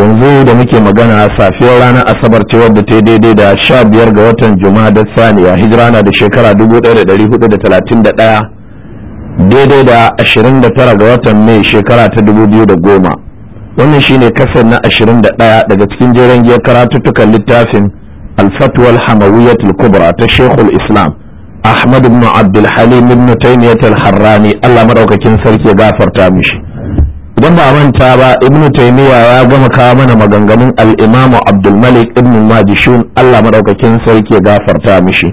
yanzu da muke magana safiyar ranar asabar ce wadda ta daidai da sha biyar ga watan juma'a da saniya hijira na da shekara 1431 daidai da 29 ga watan mai shekara ta 2010 wannan shine kasar na 21 daga cikin jeren giyar karatuttukan littafin alfatwal hamawiyatul kubra ta shekul islam ahmad ibn abdulhalim ibn taymiyat al-harrani allah maɗaukakin sarki ya gafarta mishi idan ba manta ba ibnu taymiya ya gama kawo mana maganganun al-imam abdul malik ibn majishun Allah madaukakin sarki gafarta mishi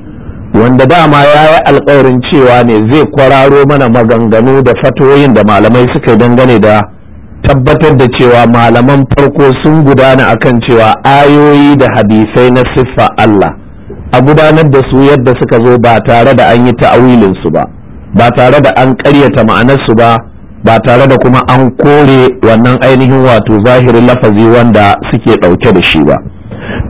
wanda dama ya yi alkawarin cewa ne zai kwararo mana maganganu da fatoyin da malamai suka dangane da tabbatar da cewa malaman farko sun gudana akan cewa ayoyi da hadisai na siffa Allah a gudanar da su yadda suka zo ba tare da an yi ta'awilin su ba ba tare da an ƙaryata ma'anarsu ba ba tare da kuma an kore wannan ainihin wato zahirin lafazi wanda suke ɗauke da shi ba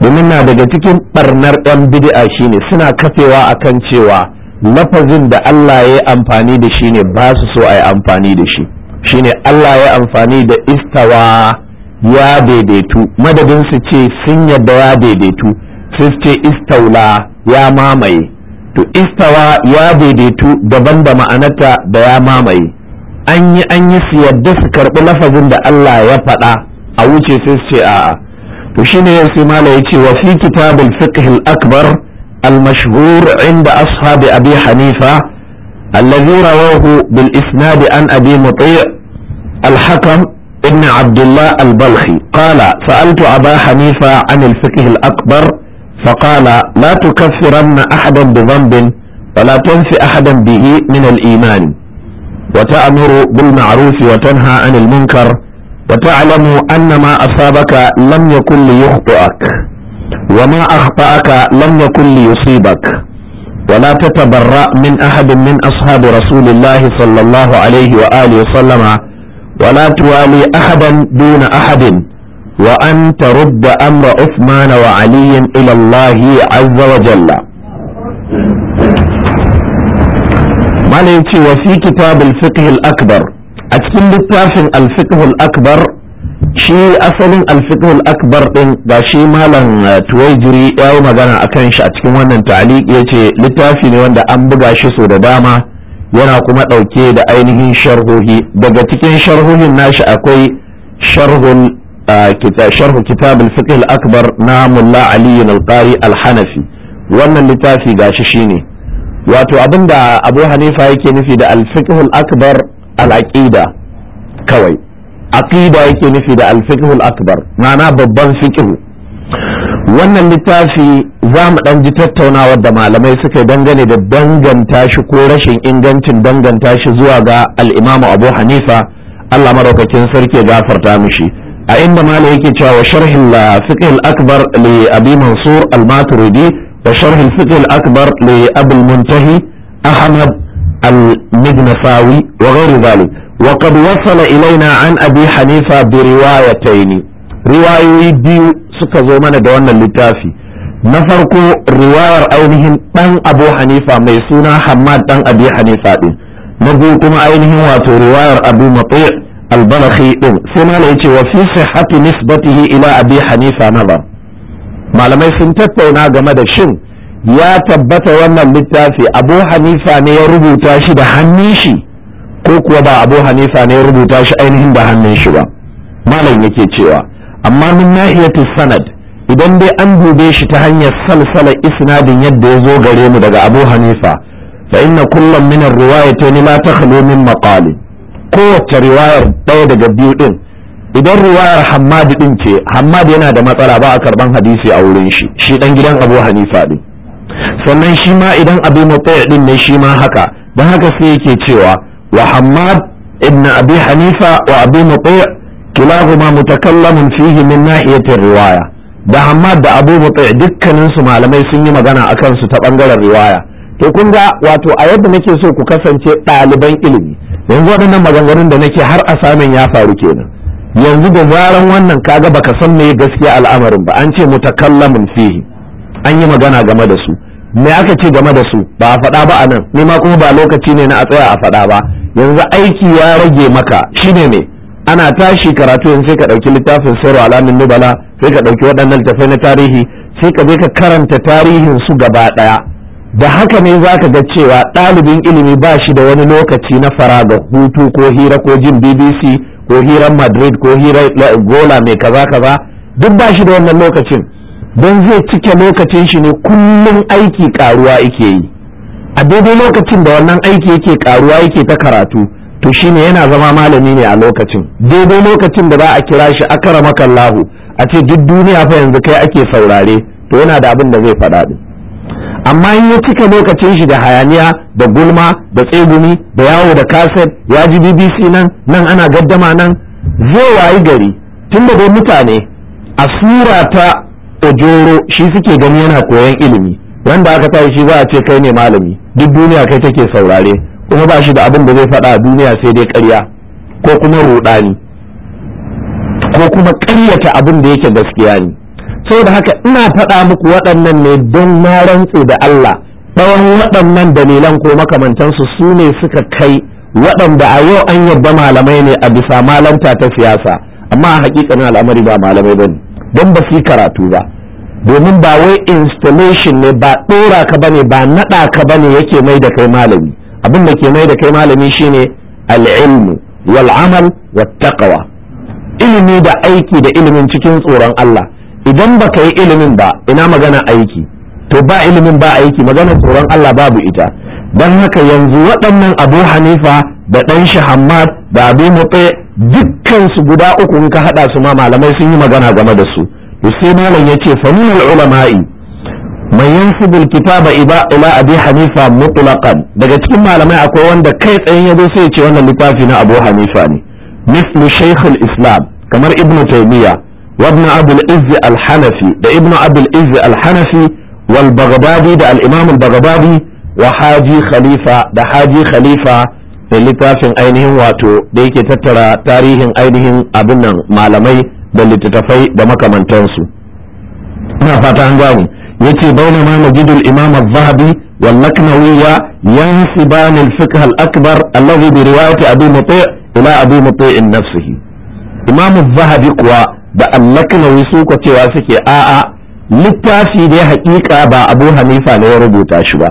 domin na daga cikin ɓarnar 'yan bid'a shine suna kafewa kan cewa lafazin da Allah ya amfani da shi ne ba su so a yi amfani da shi shine Allah ya amfani da istawa ya daidaitu madadin su ce sun yadda ya daidaitu sai su ce istaula ya mamaye to istawa ya daidaitu daban da ma'anarta da ya mamaye an yi an yi su yadda su karɓi lafazin da Allah ya faɗa a wuce sai su ce a'a to shine sai mala ya ce wa fi kitabul fiqh al-akbar al-mashhur inda ashabi abi hanifa bil رواه an عن أبي مطيع الحكم ابن عبد الله البلخي قال سألت أبا حنيفة عن الفقه الأكبر فقال لا تكفرن أحدا بذنب ولا تنفي أحدا به من الإيمان وتأمر بالمعروف وتنهى عن المنكر وتعلم أن ما أصابك لم يكن ليخطئك وما أخطأك لم يكن ليصيبك ولا تتبرأ من أحد من أصحاب رسول الله صلى الله عليه وآله وسلم ولا توالي أحدا دون أحد وأن ترد أمر عثمان وعلي إلى الله عز وجل malai yace wa fi kitabul akbar a cikin littafin al akbar shi asalin al akbar din ga shi malam uh, tuwaijiri ya yi magana akan shi a cikin wannan ta'liq yace littafi ne wanda an buga shi so da dama yana kuma ɗauke da ainihin sharhohi daga cikin sharhohin nashi akwai sharhul uh, sharhu akbar na mulla ali al-qari al-hanafi wannan littafi gashi shine wato abinda da abu hanifa yake nufi da alfiqhul akbar al'aqida kawai aqida yake nufi da alfiqhul akbar ma'ana babban fiqhu wannan littafi za mu ɗan ji tattaunawar da malamai suka dangane da danganta shi ko rashin ingancin danganta shi zuwa ga al'imamu abu hanifa allah maraukakin sarki gafarta mishi a inda malam yake cewa sharhin la fiqh akbar li abi mansur al-maturidi da sharhin fiqh al-akbar li abul muntahi ahmad المدنفاوي وغير ذلك وقد وصل إلينا عن أبي حنيفة بروايتين رواية بيو سكزو من دوانا اللتافي نفرق رواية أينهم تن أبو حنيفة ميسونا حماد تن أبي حنيفة نبوكم أينهم واتو رواية أبو مطيع البلخي سمع وفي صحة نسبته إلى أبي حنيفة نظر malamai sun tattauna game da shin ya tabbata wannan littafi abu hanifa ne ya rubuta shi da hannun shi ko kuwa ba abu hanifa ne ya rubuta shi ainihin da hannun shi ba malam yake cewa amma min nahiyatu sanad idan dai an dube shi ta hanyar salsala isnadin yadda ya zo gare mu daga abu hanifa fa inna kullum min ar-riwayatayn la takhlu min maqali kowace riwayar ɗaya daga biyu din idan ruwayar hammad din ce hammad yana da matsala ba a karban hadisi a wurin shi shi dan gidan abu hanifa din sannan shi ma idan abu mutai din ne shi ma haka don haka sai yake cewa wa hammad ibn abi hanifa wa abu mutai kilahuma mutakallamun fihi min nahiyatir riwaya da hammad da abu mutai dukkanin malamai sun yi magana akan su ta bangaren riwaya to kun ga wato a yadda nake so ku kasance ɗaliban ilimi yanzu waɗannan maganganun da nake har a samun ya faru kenan yanzu da zaran wannan kaga baka san me gaskiya al'amarin ba an ce mutakallamin fihi an yi magana game da su me aka ce game da su ba a faɗa ba anan ni ma kuma ba lokaci ne na a tsaya a faɗa ba yanzu aiki ya rage maka shine ne ana tashi karatu yanzu sai ka ɗauki littafin sayar alamin nubala sai ka ɗauki waɗannan littafai na tarihi sai ka je ka karanta tarihin su gaba ɗaya da haka ne za ka ga cewa ɗalibin ilimi ba shi da wani lokaci na faraga hutu ko hira ko jin bbc ko hirar madrid ko hirar gola mai kaza kaza duk ba shi da wannan lokacin don zai cike lokacin shi ne kullum aiki karuwa yake yi a daidai lokacin da wannan aiki yake karuwa yake ta karatu to shine yana zama malami ne a lokacin daidai lokacin da za a kira shi akara makallahu a ce duk duniya fa yanzu kai ake saurare to yana da abin da zai faɗa din amma in ya cika lokacin shi da hayaniya da gulma da tsegumi da yawo da kaset ya ji bbc nan nan ana gaddama nan zai wayi gari tun da dai mutane a sura ta ojoro shi suke gani yana koyon ilimi wanda aka tashi shi za a ce kai ne malami duk duniya kai take saurare kuma ba shi da abin da zai faɗa a duniya sai dai karya ko kuma ruɗani ko kuma ƙaryata abin da yake gaskiya ne da haka ina faɗa muku waɗannan ne don na rantse da Allah tsawon waɗannan dalilan ko makamantansu su ne suka kai waɗanda a yau an yarda malamai ne a bisa malanta ta siyasa amma a hakikanin al'amari ba malamai ba ne don ba su karatu ba domin ba wai installation ne ba ɗora ka ba ne ba naɗa ka ba ne yake mai da kai malami abin da ke mai da kai malami shine al'ilmu wal amal wa taqwa ilimi da aiki da ilimin cikin tsoron Allah idan baka yi ilimin ba ina magana aiki to ba ilimin ba aiki magana tsoron Allah babu ita don haka yanzu waɗannan abu hanifa da ɗan shi hammad da abu mutse dukkan su guda uku in ka haɗa su ma malamai sun yi magana game da su to sai malam ya ce famin ulama'i man yansibu alkitaba ila abi hanifa mutlaqan daga cikin malamai akwai wanda kai tsayin ya zo sai ya ce wannan littafi na abu hanifa ne mislu shaykh islam kamar ibnu taimiyya وابن أبو الإز الحنفي ده ابن أبو الإز الحنفي والبغدادي ده الإمام البغدادي وحاجي خليفة ده حاجي خليفة littafin ainihin wato da yake tattara tarihin ainihin abin nan malamai da littattafai da makamantansu ina fata an gane yace baina ma majidul imam az-zahabi wal laknawiya yansiban al-fiqh al-akbar alladhi bi riwayati abi muti' zahabi kuwa da annaknawi wasu ko cewa suke a'a littafi ne haƙiƙa ba abu hanifa ne ya rubuta shi ba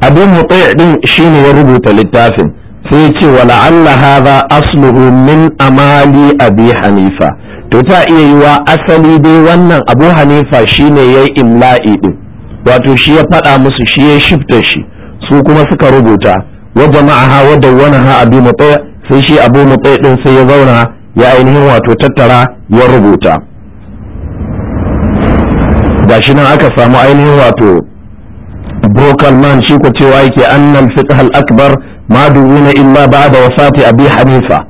abu mutai din shine ya rubuta littafin sai ya ce wala alla hadha asluhu min amali abi hanifa to ta iya yiwa asali dai wannan abu hanifa shine yayi imla'i din wato shi ya fada musu shi ya shifta shi su kuma suka rubuta wa ha wa ha abu mutai sai shi abu mutai din sai ya zauna ya ainihin wato tattara ya rubuta gashi nan aka samu ainihin wato brokalman shi ku cewa yake annan fiqh al-akbar ma duwina illa ba'da wafati abi hanifa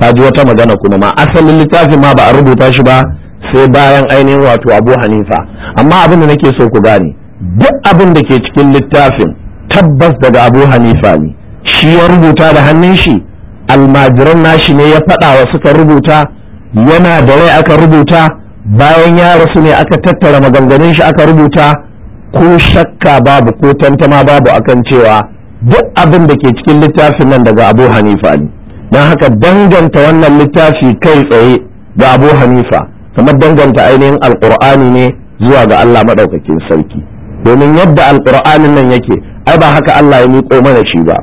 kaji wata magana kuma ma asalin littafin ma ba a rubuta shi ba sai bayan ainihin wato abu hanifa amma abin da nake so ku gane duk abin da ke cikin littafin tabbas daga abu hanifa ne shi ya rubuta da hannun shi almajiran nashi ne ya faɗawa wa suka rubuta yana da rai aka rubuta bayan ya rasu ne aka tattara maganganun shi aka rubuta ko shakka babu ko tantama babu akan cewa duk abin da ke cikin littafin nan daga abu hanifa ne don haka danganta wannan littafi kai tsaye ga abu hanifa kamar danganta ainihin alkur'ani ne zuwa ga allah maɗaukakin sarki domin yadda alkur'anin nan yake ai ba haka allah ya miƙo mana shi ba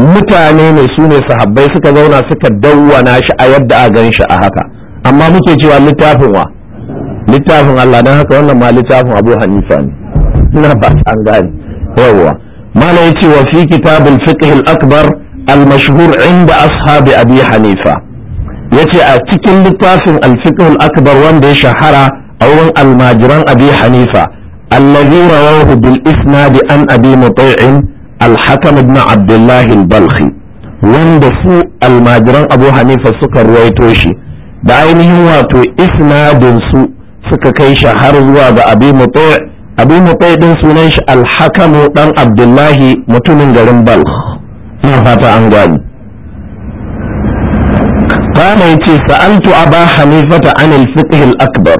mutane ne su ne sahabbai suka zauna suka dawwana shi a yadda a gan shi a haka amma muke cewa littafin wa littafin Allah don haka wannan ma littafin Abu Hanifa ne ina ba an gane yawwa mala yace wa fi kitabul fiqh al akbar al mashhur inda ashabi abi hanifa yace a cikin littafin al fiqh al akbar wanda ya shahara a wurin almajiran abi hanifa allazi rawahu bil isnad an abi mutai'in al-hakam abdullahi abdullah balkhi wanda su almajiran abu hanifa suka ruwaito shi da ainihin wato isnadin su suka kai shi har zuwa ga abi mutai abi mutai din sunan shi alhakamu dan abdullahi mutumin garin balkh ina fata an gani kana yace sa'altu aba hanifata an al akbar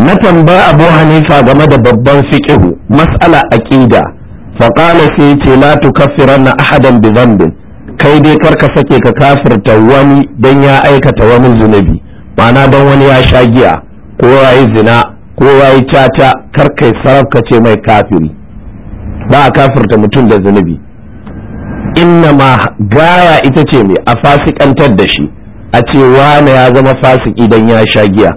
na tambaya abu hanifa game da babban fiqh mas'ala aqida faƙala sai ce la tukaffiranna ahadan bi dhanbin kai dai karka sake ka kafirta wani don ya aikata wani zunubi ma'ana dan wani ya sha giya ko yayi zina ko yayi caca karkai sarraf ce mai kafiri ba a kafirta mutum da zunubi inna ma gaya ita ce mai a fasikantar da shi a ce wane ya zama fasiki dan ya sha giya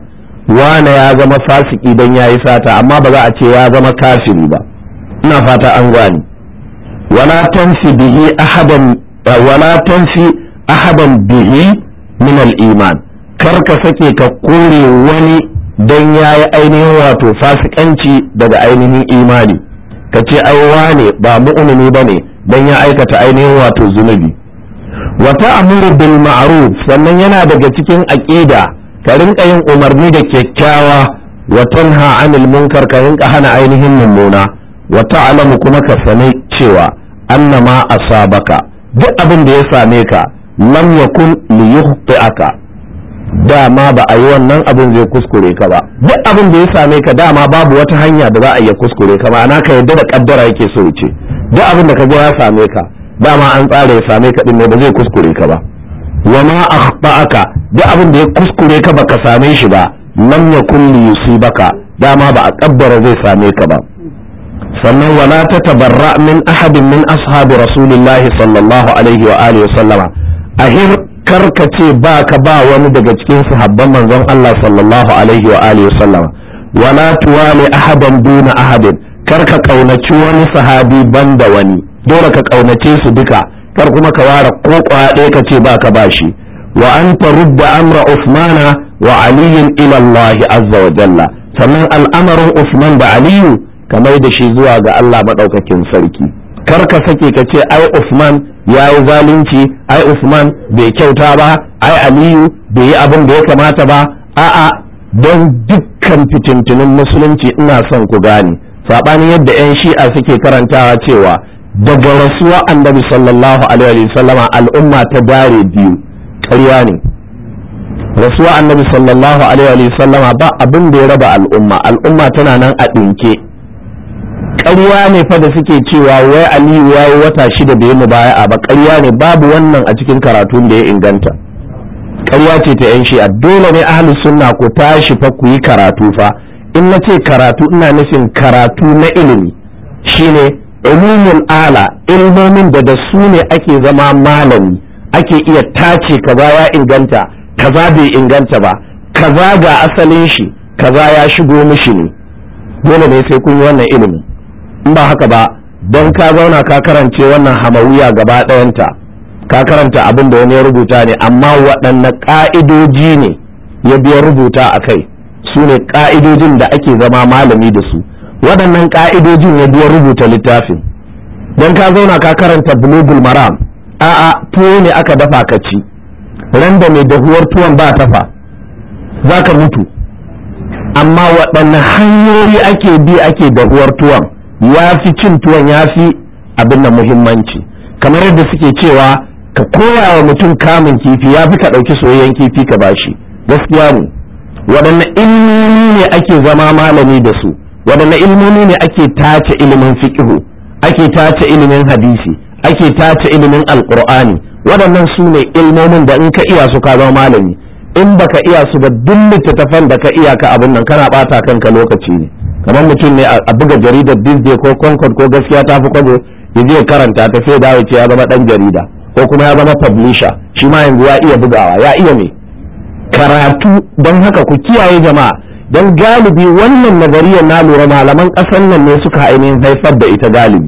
wane ya zama fasiki don ya yi sata amma ba za a ce ya zama kafiri ba ina fata an gwani wala tanfi bihi ahadan eh, wala tanfi ahadan bihi min al-iman kar ka sake ka kore wani don ya ainihin wato fasikanci daga ainihin imani ka ce ai wane ba mu'mini ba ne don ya aikata ainihin wato zunubi wata ta'muru bil ma'ruf sannan yana daga cikin aƙida ka rinka yin umarni da kyakkyawa wa tanha anil munkar ka rinka hana ainihin mummuna wa ta'lamu kuma ka sani cewa annama asabaka duk abin da ya same ka lam yakun li yuhti'aka dama ba a yi wannan abin zai kuskure ka ba duk abin da ya same ka dama babu wata hanya da za a iya kuskure ka ma'ana ka yadda da kaddara yake so ce duk abin da ka ga ya same ka dama an tsara ya same ka din ne ba zai kuskure ka ba wa ma akhta'aka duk abin da ya kuskure ka baka same shi ba lam yakun li yusibaka dama ba a kaddara zai same ka ba sannan wala ta tabarra min ahadin min ashabi rasulillahi sallallahu alaihi wa alihi sallama ahir karkace ba ka ba wani daga cikin sahabban manzon Allah sallallahu alaihi wa alihi sallama wala tuwali ahadan duna ahadin kar ka kaunaci wani sahabi banda wani dole ka kaunace su duka kar kuma ka ware ko ɗaya ka ce ba ka ba shi wa an tarudda amra usmana wa aliyin ila Allah azza wa jalla sannan al'amarin usman da aliyu ka mai da shi zuwa ga Allah maɗaukakin sarki kar ka sake ka ce ai Usman ya yi zalunci ai Usman bai kyauta ba ai Aliyu bai yi abin da ya kamata ba a'a don dukkan fitintunin musulunci ina son ku gane saɓanin yadda 'yan shi'a suke karantawa cewa daga rasuwa annabi sallallahu alaihi wasallama al'umma ta dare biyu ƙarya ne rasuwa annabi sallallahu alaihi wasallama ba abin da ya raba al'umma al'umma tana nan a ɗinke ƙarya ne fa da suke cewa wai aliyu ya yi wata shida bai mu baya a ba ƙarya ne babu wannan a cikin karatun da ya inganta ƙarya ce ta yan shi'a dole ne ahlus sunna ku tashi fa ku yi karatu fa in na ce karatu ina nufin karatu na ilimi shine ilimin ala ilmomin da da su ne ake zama malami ake iya tace kaza ya inganta kaza bai inganta ba kaza ga asalin shi kaza ya shigo mishi ne dole ne sai kun yi wannan ilimin in ba haka ba don ka zauna ka karance wannan hamawiya gaba ɗayanta ka karanta abin da wani ya rubuta ne amma waɗanne ƙa'idoji ne ya biya rubuta a kai su ne ƙa'idojin da ake zama malami da su waɗannan ƙa'idojin ya biya rubuta littafin don ka zauna ka karanta bulugul maram a'a tuwo ne aka dafa ka ci ran da mai dahuwar tuwon ba tafa za ka mutu amma waɗanne hanyoyi ake bi ake dahuwar tuwon ya fi cin tuwon ya fi abin da muhimmanci kamar yadda suke cewa ka koya wa mutum kamun kifi ya fi ka ɗauki soyayyen kifi ka bashi gaskiya ne waɗanne ilmomi ne ake zama malami da su waɗanne ilmomi ne ake tace ilimin fiƙihu ake tace ilimin hadisi ake tace ilimin alƙur'ani waɗannan su ne ilmomin da in ka iya su ka zama malami in baka iya su ba duk littattafan da ka iya ka abin nan kana ɓata kanka lokaci ne kamar mutum ne a buga jaridar disney ko concord ko gaskiya ta fi kwabo ya je karanta ta sai dawo ce ya zama dan jarida ko kuma ya zama publisher shi ma yanzu ya iya bugawa ya iya me karatu don haka ku kiyaye jama'a don galibi wannan nazariyar na lura malaman ƙasar nan ne suka ainihin haifar da ita galibi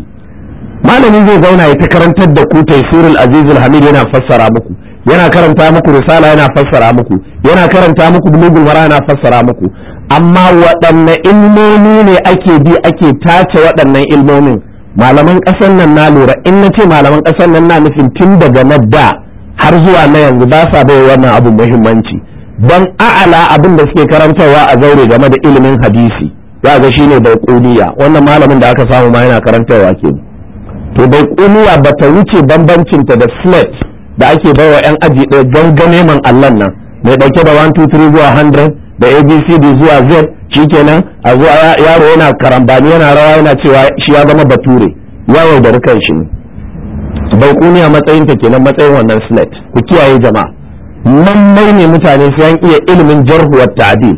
malamin zai zauna ya ta karantar da ku taisirul azizul hamid yana fassara muku yana karanta muku risala yana fassara muku yana karanta muku bulugul mara yana fassara muku amma waɗanne ilmomi ne ake bi ake tace waɗannan ilmomin malaman ƙasar nan na lura in na ce malaman ƙasar nan na nufin tun daga na da har zuwa na yanzu ba sa bai wannan abu muhimmanci don a'ala abin da suke karantarwa a zaure game da ilimin hadisi za ga shine baiquniya wannan malamin da aka samu ma yana karantarwa ke to ba bata wuce bambancinta da slate da ake baiwa yan aji ɗaya gangame man allon nan mai ɗauke da 123 3 zuwa 100 da abcd zuwa z shikenan a zuwa yaro yana karambani yana rawa yana cewa shi ya zama bature ya da rikan shi ne baikuniya matsayin ta kenan matsayin wannan slate ku kiyaye jama'a lallai ne mutane sai an iya ilimin jarhuwar ta'adi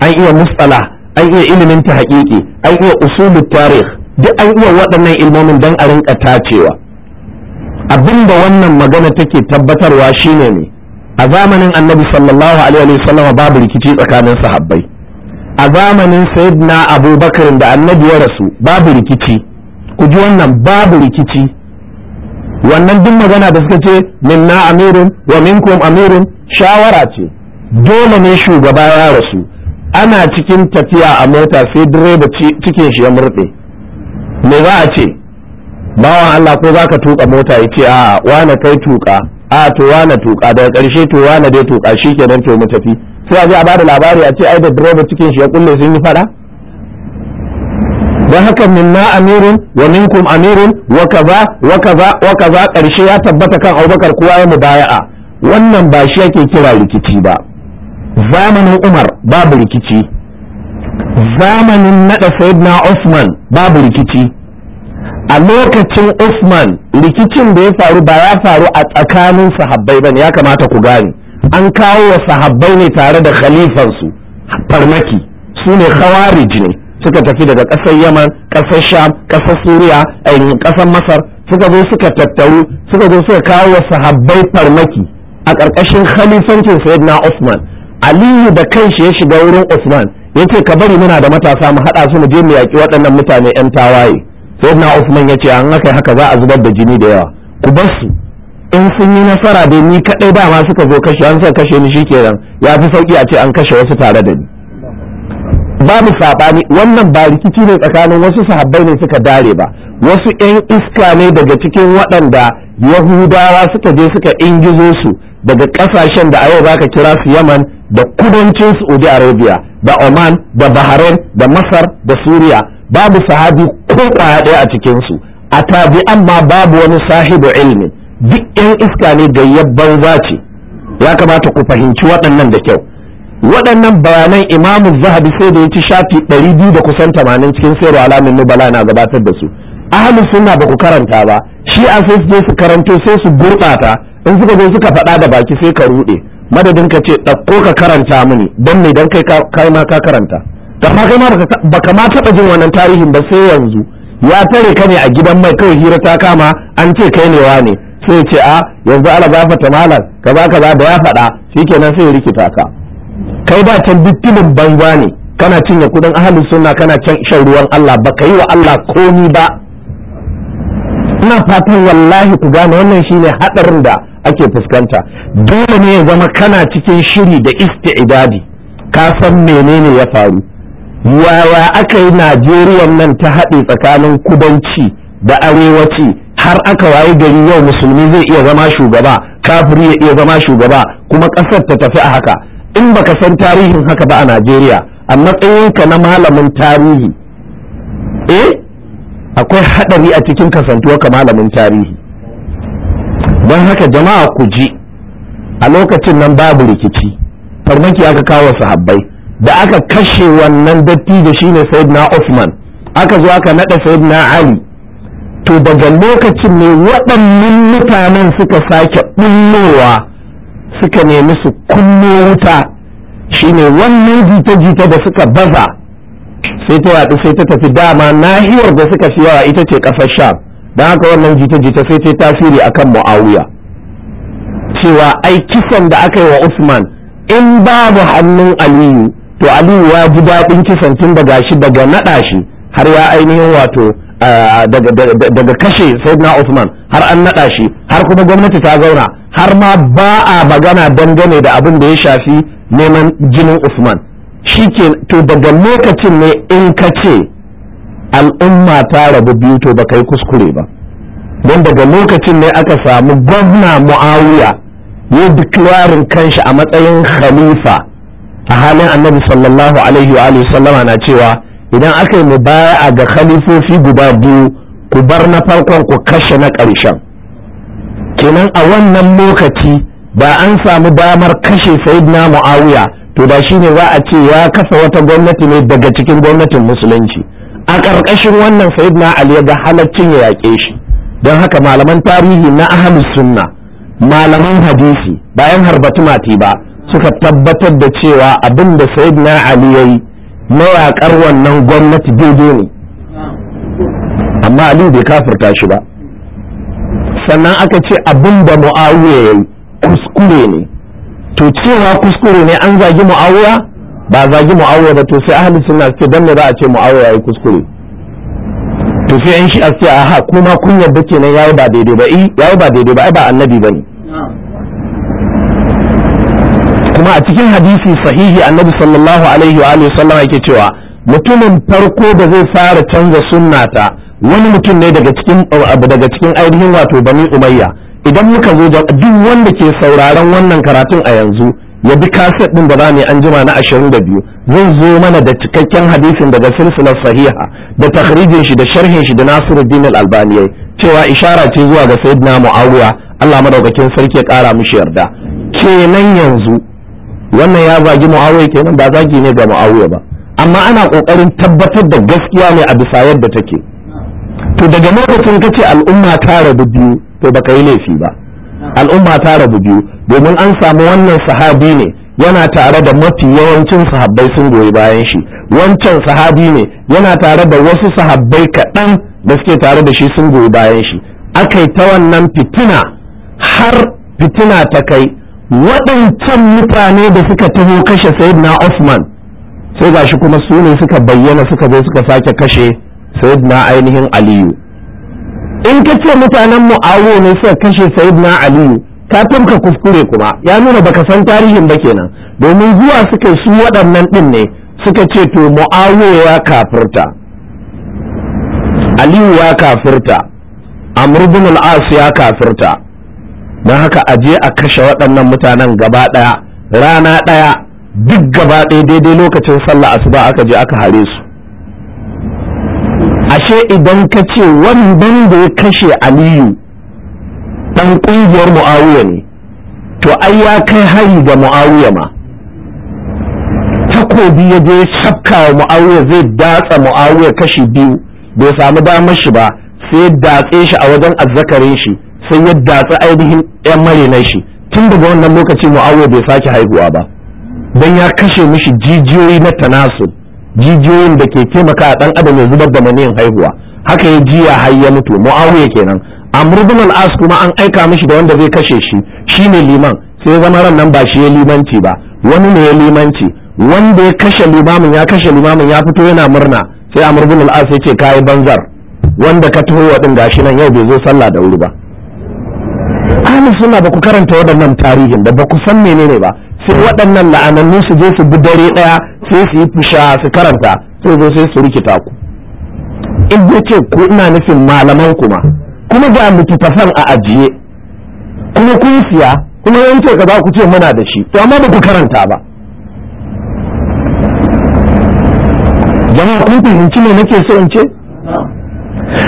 an iya mustalah an iya ilimin ta tahqiqi an iya usulun tarih duk an iya waɗannan ilmomin don a rinka tacewa abinda wannan magana take tabbatarwa shine ne a zamanin annabi sallallahu alaihi wa sallam babu rikici tsakanin sahabbai a zamanin sayyidina abubakar da annabi ya rasu babu rikici ku ji wannan babu rikici wannan duk magana da suka ce minna amirun wa minkum amirun shawara ce dole ne shugaba ya rasu ana cikin tafiya a mota sai direba cikin shi ya murɗe me za a ce bawan Allah ko zaka tuka mota ya ce a'a wane kai tuka a to wane tuka daga karshe to wane dai tuka shikenan to mu tafi sai a je a bada labari a ce ai da driver cikin shi ya kulle sun yi fada dan haka minna amirin wa minkum amirin wa kaza wa kaza wa kaza karshe ya tabbata kan Abubakar kowa ya mubaya'a wannan ba shi yake kira rikici ba zamanin Umar babu rikici zamanin nada Sayyidina Usman babu rikici a lokacin Usman rikicin da ya faru ba ya faru a tsakanin sahabbai ne ya kamata ku gane an kawo wa sahabbai ne tare da khalifansu farmaki su ne khawarij ne suka tafi daga ƙasar yaman ƙasar sham ƙasar suriya ainihin ƙasar masar suka zo suka tattaru suka zo suka kawo wa sahabbai farmaki a ƙarƙashin khalifancin sayyidina usman aliyu da kanshi ya shiga wurin usman ya ce ka bari muna da matasa mu haɗa su mu je mu yaƙi waɗannan mutane 'yan tawaye na Usman ce an haka haka za a zubar da jini da yawa ku bar su in sun yi nasara da ni kadai dama suka zo kashe an suka kashe ni shikenan ya fi sauki a ce an kashe wasu tare da ni babu saɓani wannan ba rikici ne tsakanin wasu sahabbai ne suka dare ba wasu 'yan iska ne daga cikin waɗanda yahudawa suka je suka ingizo su daga ƙasashen da a yau zaka kira su yaman da kudancin saudi arabia da oman da bahrain da masar da suriya babu sahabi ko kwaya ɗaya a cikinsu a tabi'an ma babu wani sahibu ilmi duk yan iska ne gayyar banza ce ya kamata ku fahimci waɗannan da kyau waɗannan bayanan imamu zahabi sai da ya ci shafi ɗari biyu da kusan tamanin cikin sayar alamin nubala na gabatar da su ahalin suna ba ku karanta ba shi a sai su je su karanto sai su gurɓata in suka zo suka faɗa da baki sai ka ruɗe madadin ka ce ɗauko ka karanta mini don me don kai ma ka karanta amma kai ma baka ma taɓa jin wannan tarihin ba sai yanzu ya tare ka ne a gidan mai kawai hira ta kama an ce kai ne ne sai ce a ah, yanzu ala gafa ta malam kaza kaza da ya faɗa shikenan sai ya rikita ka kai ba can bittinin banza ne kana cinye kudin ahalin sunna kana can shan ruwan Allah Ba ka yi wa Allah komi ba ina fatan wallahi ku gane wannan ne hadarin da ake fuskanta dole ne ya zama kana cikin shiri da isti'dadi ka san menene ya faru yaya aka yi najeriya nan ta haɗe tsakanin kudanci da arewaci har aka waye gari yau musulmi zai iya zama shugaba kafiri ya iya zama shugaba kuma ƙasar ta tafi a haka in baka san tarihin haka ba a najeriya a matsayin ka na malamin tarihi eh akwai haɗari a cikin kasantuwa ka malamin tarihi don haka jama'a ku ji a lokacin nan babu rikici farmaki aka kawo sahabbai da aka kashe wannan dattijo shine sayyidina usman aka zo aka nada sayyidina Ali to daga lokacin ne waɗannan mutanen suka sake bullowa suka nemi su kunno wuta shine wannan jita-jita da suka baza sai ta yaɗu sai ta tafi dama nahiyar da suka fi ita ce ƙasar sham don haka wannan jita-jita sai ta tasiri akan mu'awiya cewa ai kisan da aka yi wa usman in babu hannun aliyu to aliyu ya ji daɗin kisan tun daga shi daga naɗa shi har ya ainihin wato daga kashe sayyidina Usman har an naɗa shi har kuma gwamnati ta zauna har ma ba a magana dangane da abin da ya shafi neman jinin Usman shi ke to daga lokacin ne in ka ce al'umma ta rabu biyu to ba kai kuskure ba don daga lokacin ne aka samu gwamna mu'awiya ya declaring kanshi a matsayin khalifa a halin annabi sallallahu alaihi wa alihi sallama na cewa idan aka yi mubaya'a ga khalifofi guda biyu ku bar na farkon ku kashe na ƙarshen kenan a wannan lokaci ba an samu damar kashe sayyidina muawiya to da shine za a ce ya kafa wata gwamnati ne daga cikin gwamnatin musulunci a ƙarƙashin wannan sayyidina ali ya ga halaccin ya yaƙe shi don haka malaman tarihi na ahlus sunna malaman hadisi bayan harbatu mati ba suka tabbatar da cewa abin da na ali yayi mayakar wannan gwamnati daidai ne amma ali bai kafirta shi ba sannan aka ce abin da mu'awiya yi kuskure ne to cewa kuskure ne an zagi mu'awiya ba zagi mu'awiya ba to sai ahli suna suke don ne za a ce mu'awiya yi kuskure to sai shi'a shi a ce aha kuma kunyar da kenan ba eh, ba daidai ba ai ba annabi ba ne. kuma a cikin hadisi sahihi annabi sallallahu alaihi wa sallam yake cewa mutumin farko da zai fara canza ta wani mutum ne daga cikin daga cikin ainihin wato bani umayya idan muka zo duk wanda ke sauraron wannan karatun a yanzu ya bi kaset din da za mu an jima na 22 zai zo mana da cikakken hadisin daga silsilar sahiha da takhrijin shi da sharhin shi da Nasiruddin al-Albani cewa ishara ce zuwa ga Sayyidina Muawiya Allah madaukakin sarki ya kara mushi yarda kenan yanzu wannan ya zagi muawiya kenan ba zagi ne ga muawiya ba amma ana kokarin tabbatar da gaskiya ne a bisa yadda take to daga lokacin kace al'umma ta rabu biyu to baka yi laifi ba al'umma ta rabu biyu domin an samu wannan sahabi ne yana tare da mafi yawancin sahabbai sun goyi bayan shi wancan sahabi ne yana tare da wasu sahabbai kaɗan da suke tare da shi sun goyi bayan shi aka yi ta wannan fitina har fitina ta kai waɗancan mutane da suka taho kashe sayidna Osman sai gashi kuma su ne suka bayyana suka zo suka sake kashe sayidna ainihin Aliyu in ka ce mutanen mu'awo ne suka kashe sayidna Aliyu ka tumka kuskure kuma ya nuna baka san tarihin ba kenan domin zuwa suka su waɗannan ɗin ne suka ce to mu'awiya ya kafirta Aliyu ya kafirta Amr ibn al-As ya kafirta don haka a je a kashe waɗannan mutanen gaba ɗaya rana ɗaya duk gaba ɗaya daidai lokacin sallah asuba aka je aka hare su ashe idan ka ce wannan da ya kashe aliyu ɗan ƙungiyar mu'awiya ne to ai ya kai hari ga mu'awiya ma takobi ya je shakka wa mu'awiya zai datsa mu'awiya kashi biyu bai samu damar shi ba sai datse shi a wajen azzakarin shi sai ya datsa ainihin yan marinan shi tun daga wannan lokaci mu'awiya bai sake haihuwa ba don ya kashe mishi jijiyoyi na tanasul jijiyoyin da ke taimaka a dan adam ya zubar da maniyin haihuwa haka ya ji ya ya mutu mu'awiya kenan a bin al-as kuma an aika mishi da wanda zai kashe shi shi ne liman sai zama ran nan ba shi ya limanci ba wani ne ya limanci wanda ya kashe limamin ya kashe limamin ya fito yana murna sai a bin al-as ya ce kai banzar wanda ka taho wa din gashi nan yau bai zo sallah da wuri ba ahlus suna ba ku karanta waɗannan tarihin da ba ku san menene ba sai waɗannan la'anannu su je su bi dare ɗaya sai su yi fusha su karanta sai zo sai su rikita ku in ya ce ku ina nufin malaman kuma kuma ga littattafan a ajiye kuma kun siya kuma yan ce kaza ku ce muna da shi to amma ba ku karanta ba jama'a kun fahimci ne nake so in ce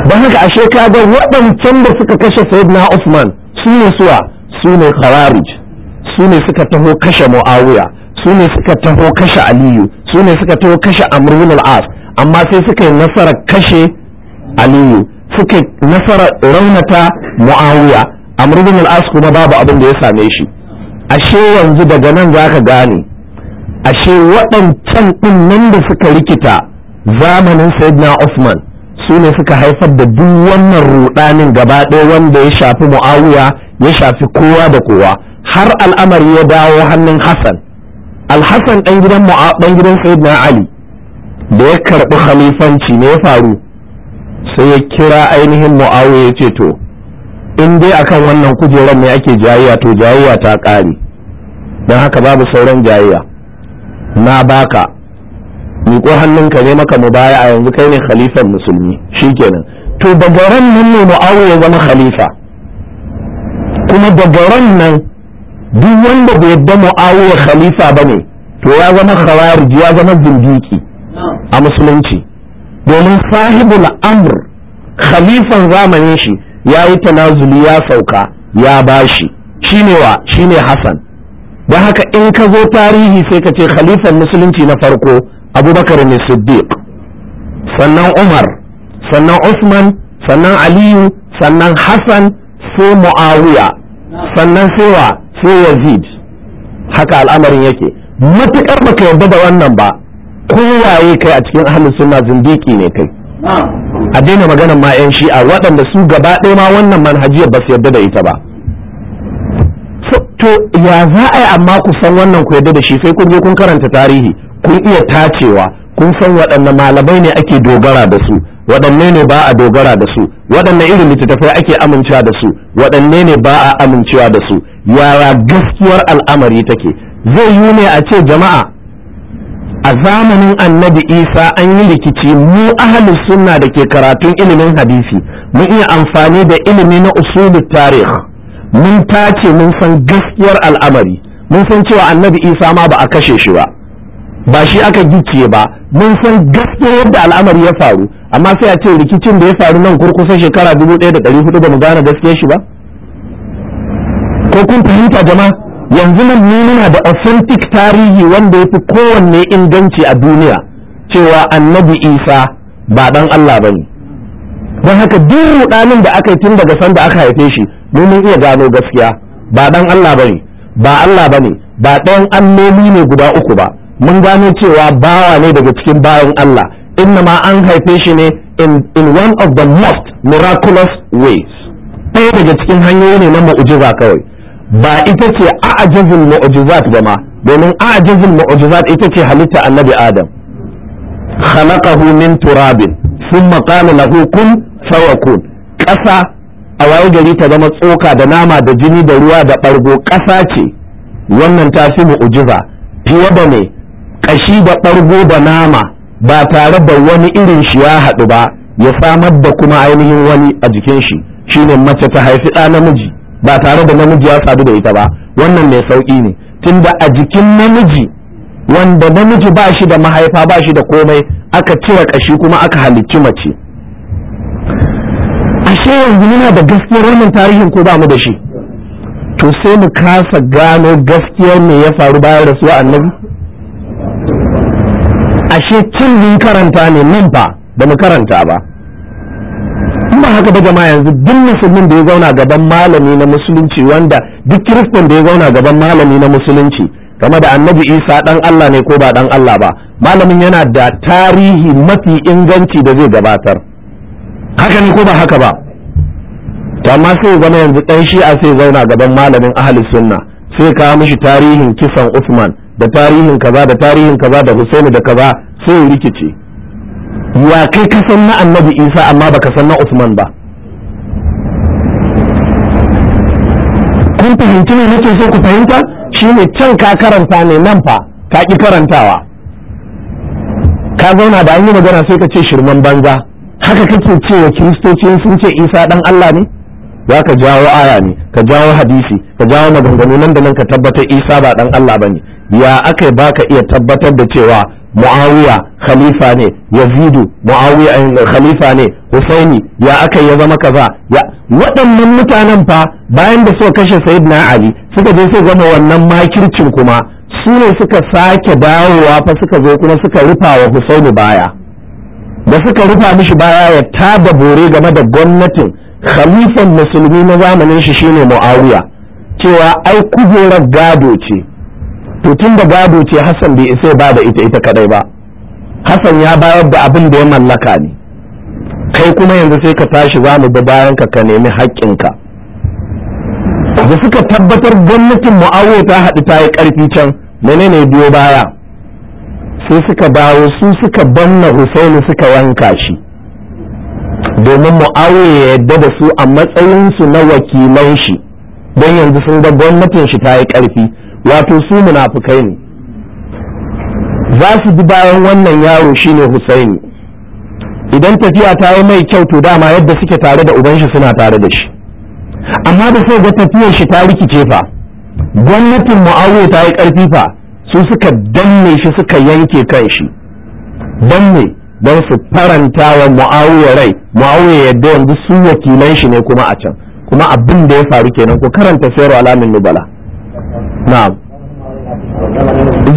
don haka ashe ka ga waɗancan da suka kashe sayyidina Usman su ne suwa su ne sune su ne suka taho kashe muawiya su ne suka taho kashe aliyu su ne suka taho kashe amrun al'as amma sai suka yi nasarar kashe aliyu suka yi nasarar raunata muawiya amrun al'as kuma babu abin da ya same shi ashe yanzu daga nan zaka gane ashe waɗancan ɗin nan da suka rikita zamanin sayyidina Usman su ne suka haifar da duk wannan rudanin gaba ɗaya wanda ya shafi muawiya ya shafi kowa da kowa har al'amari ya dawo hannun hassan alhassan ɗan gidan ɗan gidan sayyidina ali da ya karɓi khalifanci ne ya faru sai ya kira ainihin muawiya ya ce to in dai akan wannan kujerar ne ake jayayya to jayayya ta ƙare don haka babu sauran jayayya na baka miƙo hannunka ne maka mu baya a yanzu kai ne khalifan musulmi shikenan to daga ran nan ne mu'awiya zama khalifa kuma daga ran nan duk wanda bai yadda mu'awiya khalifa ba ne to ya zama khawarij ya zama zindiki a musulunci domin sahibul amr khalifan zamanin shi ya yi tanazuli ya sauka ya bashi shine wa shine hasan don haka in ka zo tarihi sai ka ce khalifan musulunci na farko abubakar ne siddiq sannan umar sannan usman sannan aliyu sannan hassan sai muawiya sannan sai sai yazid haka al'amarin yake matuƙar baka yarda da wannan ba kowaye kai a cikin ahlus sunna zindiki ne kai a daina maganar ma 'yan shi'a waɗanda su gaba ɗaya ma wannan manhajiyar ba su yarda da ita ba to ya za a yi amma ku san wannan ku yarda da shi sai kun je kun karanta tarihi kun iya tacewa kun san waɗanne malamai ne ake dogara da su waɗanne ne ba a dogara da su waɗanne irin littattafai ake amincewa da su waɗanne ne ba a amincewa da su yaya gaskiyar al'amari take zai yi ne a ce jama'a a zamanin annabi isa an yi rikici mu ahalin sunna da ke karatun ilimin hadisi mun iya amfani da ilimi na usulun tarih mun tace mun san gaskiyar al'amari mun san cewa annabi isa ma ba a kashe shi ba ba shi aka gicciye ba mun san gaskiya yadda al'amari ya faru amma sai a ce rikicin da ya faru nan kurkusa shekara dubu ɗaya da ɗari hudu ba mu gane gaskiyar shi ba ko kun fahimta jama yanzu nan ni muna da authentic tarihi wanda ya fi kowanne inganci a duniya cewa annabi isa ba dan allah ba ne don haka duk rudanin da aka yi tun daga sanda aka haife shi mu mun iya gano gaskiya ba dan allah ba ne ba allah ba ne ba dan annomi ne guda uku ba mun gano cewa bawa ne daga cikin bayan Allah innama an haife shi ne in, one of the most miraculous ways ɗaya daga cikin hanyoyi ne na mu'ujiza kawai ba ita ce a'jazul mu'jizat ba ma domin a'jazul mu'ujiza ita ce halitta annabi adam khalaqahu min turabin thumma qala lahu kun fayakun ƙasa a waye gari ta zama tsoka da nama da jini da ruwa da ɓargo ƙasa ce wannan ta fi mu'jiza fiye da ne ƙashi da ɓargo da nama ba tare da wani irin shi ya haɗu ba ya samar da kuma ainihin wani a jikin shi shine mace ta haifi ɗa namiji ba tare da namiji ya sadu da ita ba wannan mai sauƙi ne tunda a jikin namiji wanda namiji ba shi da mahaifa ba shi da komai aka cire ƙashi kuma aka halicci mace ashe yanzu muna da gaskiyar wannan tarihin ko ba mu da shi to sai mu kasa gano gaskiyar me ya faru bayan rasuwa annabi ashe tun mun karanta ne nan fa da mu karanta ba ba haka ba jama'a yanzu duk musulmin da ya zauna gaban malami na musulunci wanda duk kiristan da ya zauna gaban malami na musulunci game da annabi isa dan allah ne ko ba dan allah ba malamin yana da tarihi mafi inganci da zai gabatar haka ne ko ba haka ba amma sai zama yanzu dan shi'a sai zauna gaban malamin ahli sunna sai kawo mishi tarihin kisan usman da tarihin kaza da tarihin kaza da Husaini da kaza sai rikice ya kai ka san na Annabi Isa amma baka san na Usman ba kun fahimci ne nake so ku fahimta shine can ka karanta ne nan fa ka ki karantawa ka zauna da an yi magana sai ka ce shirman banza haka kake cewa kiristoci sun ce Isa dan Allah ne za ka jawo aya ne ka jawo hadisi ka jawo maganganu nan da nan ka tabbatar isa ba dan Allah bane ya aka baka iya tabbatar da cewa muawiya khalifa ne yazidu muawiya eh, khalifa ne husaini ya aka ya zama kaza ya waɗannan mutanen fa bayan da suka kashe sayyidina ali suka je suka gama wannan makircin kuma su ne suka sake dawowa fa suka zo kuma suka rufa wa husaini baya da suka rufa mishi baya ya tada bore game da gwamnatin khalifan musulmi na zamanin shi shine muawiya cewa ai kujerar gado ce to tun da gado ce Hassan bai isa ba da ita ita kadai ba Hassan ya bayar da abin da ya mallaka ne kai kuma yanzu sai ka tashi za mu bi bayan ka ka nemi haƙƙinka da suka tabbatar gwamnatin mu'awo ta haɗu ta yi ƙarfi can menene biyo baya sai suka bawo su suka banna Husaini suka yanka shi domin mu'awo ya yadda da su a matsayinsu na wakilan shi don yanzu sun ga gwamnatin shi ta yi ƙarfi wato su munafukai ne za su bi bayan wannan yaro shine Husaini idan tafiya ta yi mai kyau to dama yadda suke tare da uban shi suna tare da shi amma da sai ga tafiyar shi ta rikice fa gwamnatin mu'awiya ta yi karfi fa su suka danne shi suka yanke kan shi danne don su faranta wa mu'awiya rai mu'awiya yadda yanzu su wakilan shi ne kuma a can kuma abin da ya faru kenan ko karanta sayarwa alamin nubala na'am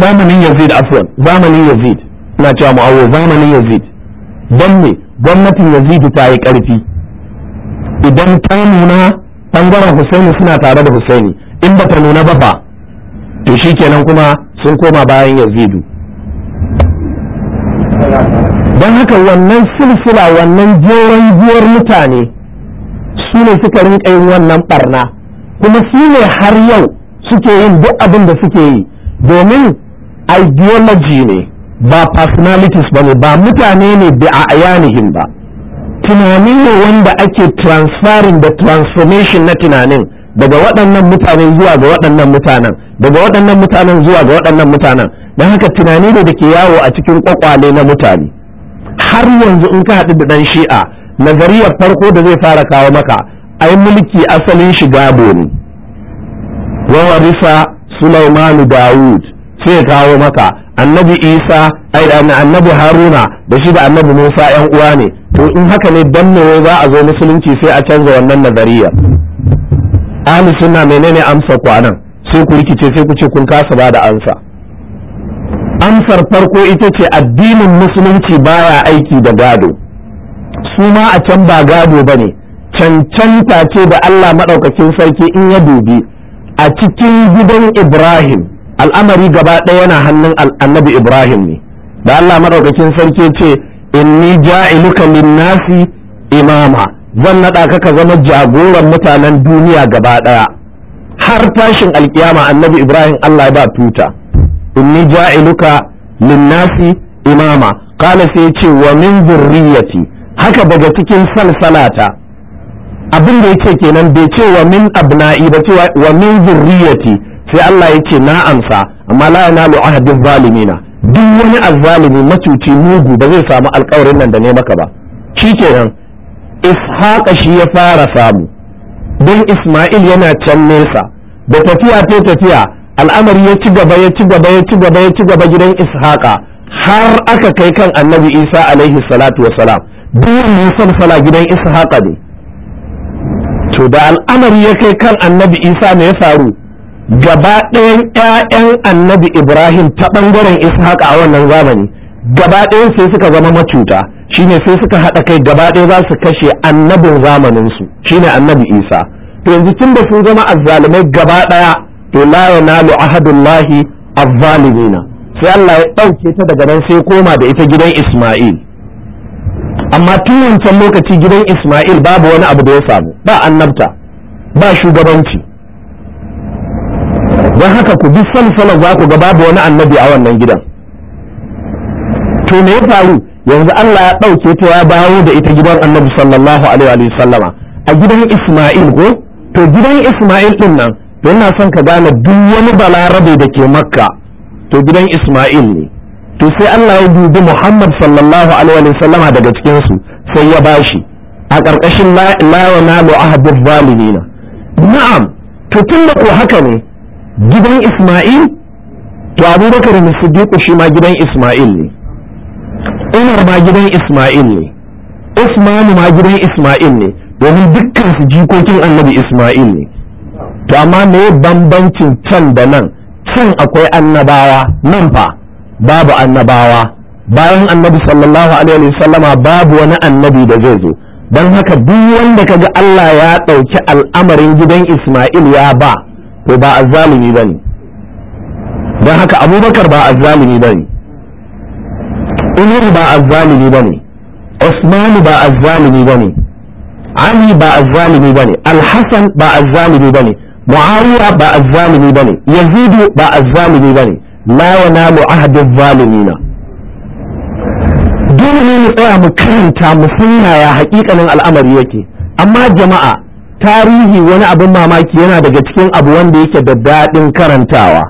zamanin yazid afwan zamanin yazid na cewa mu'awo zamanin yazid don me gwamnatin yazid ta yi karfi idan ta nuna bangaren husaini suna tare da husaini in ba ta nuna ba ba to kenan kuma sun koma bayan yazidu don haka wannan silsila wannan jeron guwar mutane su ne suka rinƙa yin wannan barna kuma su ne har yau suke yin duk abin da suke yi domin ideology ne ba personalities ba ne ba mutane ne da a ayanihin ba tunani ne wanda ake transferring da transformation na tunanin daga waɗannan mutanen zuwa ga waɗannan mutanen daga waɗannan mutanen zuwa ga waɗannan mutanen don haka tunani ne da ke yawo a cikin kwakwale na mutane har yanzu in ka haɗu da ɗan shi'a nazariyar farko da zai fara kawo maka ai mulki asalin shi gado ne wawarisa sulaimanu dawud sai kawo maka annabi isa ai da annabi haruna da shi da annabi musa yan uwa ne to in haka ne dan me za a zo musulunci sai a canza wannan nazariya ahli sunna menene amsa kwanan sai ku rikice sai ku ce kun kasa ba da amsa amsar farko ita ce addinin musulunci baya aiki da gado su ma a can ba gado bane cancanta ce da Allah maɗaukacin sarki in ya dubi a cikin gidan ibrahim al'amari gaba ɗaya yana hannun annabi ibrahim ne da allah maɗaukakin sarki ce inni ja'iluka linnasi imama zan naɗa ka ka zama jagoran mutanen duniya gaba ɗaya har tashin alkiyama annabi ibrahim allah ya ba tuta inni ja'iluka linnasi imama qala sai ce wa min zurriyati haka daga cikin salsalata abin da yake kenan bai ce wa min abna'i ba ce wa min zurriyati sai Allah ya ce na amsa amma la yanalu ahadin zalimina duk wani azzalimi macuci mugu ba zai samu alƙawarin nan da ne maka ba shi kenan ishaqa shi ya fara samu don isma'il yana can nesa da tafiya ta tafiya al'amari ya ci gaba ya ci gaba ya ci gaba ya ci gaba gidan ishaqa har aka kai kan annabi isa alaihi salatu wa salam duk wannan salsala gidan ishaqa ne to da al'amari ya kai kan annabi isa ne ya faru gaba ɗayan 'ya'yan annabi ibrahim ta ɓangaren haka a wannan zamani gaba ɗayan sai suka zama macuta shine sai suka haɗa kai gaba ɗaya za su kashe annabin zamaninsu shine annabi isa to yanzu tun da sun zama azzalumai gaba ɗaya to la yanalu ahadullahi azzalimina sai Allah ya ɗauke ta daga nan sai koma da ita gidan Ismail amma tun wancan lokaci gidan Ismail babu wani abu da ya samu ba annabta ba shugabanci don haka ku bi salsalar za ku ga babu wani annabi a wannan gidan to me ya faru yanzu Allah ya ɗauke ta ya bawo da ita gidan annabi sallallahu alaihi wa sallama a gidan Ismail ko to gidan Ismail din nan don na son ka gane duk wani balarabe da ke makka to gidan Ismail ne to sai Allah ya dubi Muhammad sallallahu alaihi wa sallam daga cikin su sai ya bashi a ƙarƙashin la yanalu ahadu zalimina na'am to tun da ko haka ne gidan Isma'il to Abubakar ne Siddiq shi ma gidan Isma'il ne Umar ma gidan Isma'il ne Usman ma gidan Isma'il ne domin dukkan su jikokin Annabi Isma'il ne to amma me bambancin can da nan can akwai annabawa nan fa babu annabawa bayan annabi sallallahu alaihi wa wasallama babu wani annabi da zai zo don haka duk wanda kaga Allah ya ɗauki al'amarin gidan Ismail ya ba to ba azzalimi bane don haka Abubakar ba azzalimi bane Umar ba azzalimi bane Usman ba azzalimi bane Ali ba azzalimi bane Al-Hasan ba azzalimi bane Muawiya ba azzalimi bane Yazid ba azzalimi bane la yanalu ahadin zalimina dole ne mu tsaya mu karanta mu sunna ya hakikanin al'amari yake amma jama'a tarihi wani abin mamaki yana daga cikin abu wanda yake da daɗin karantawa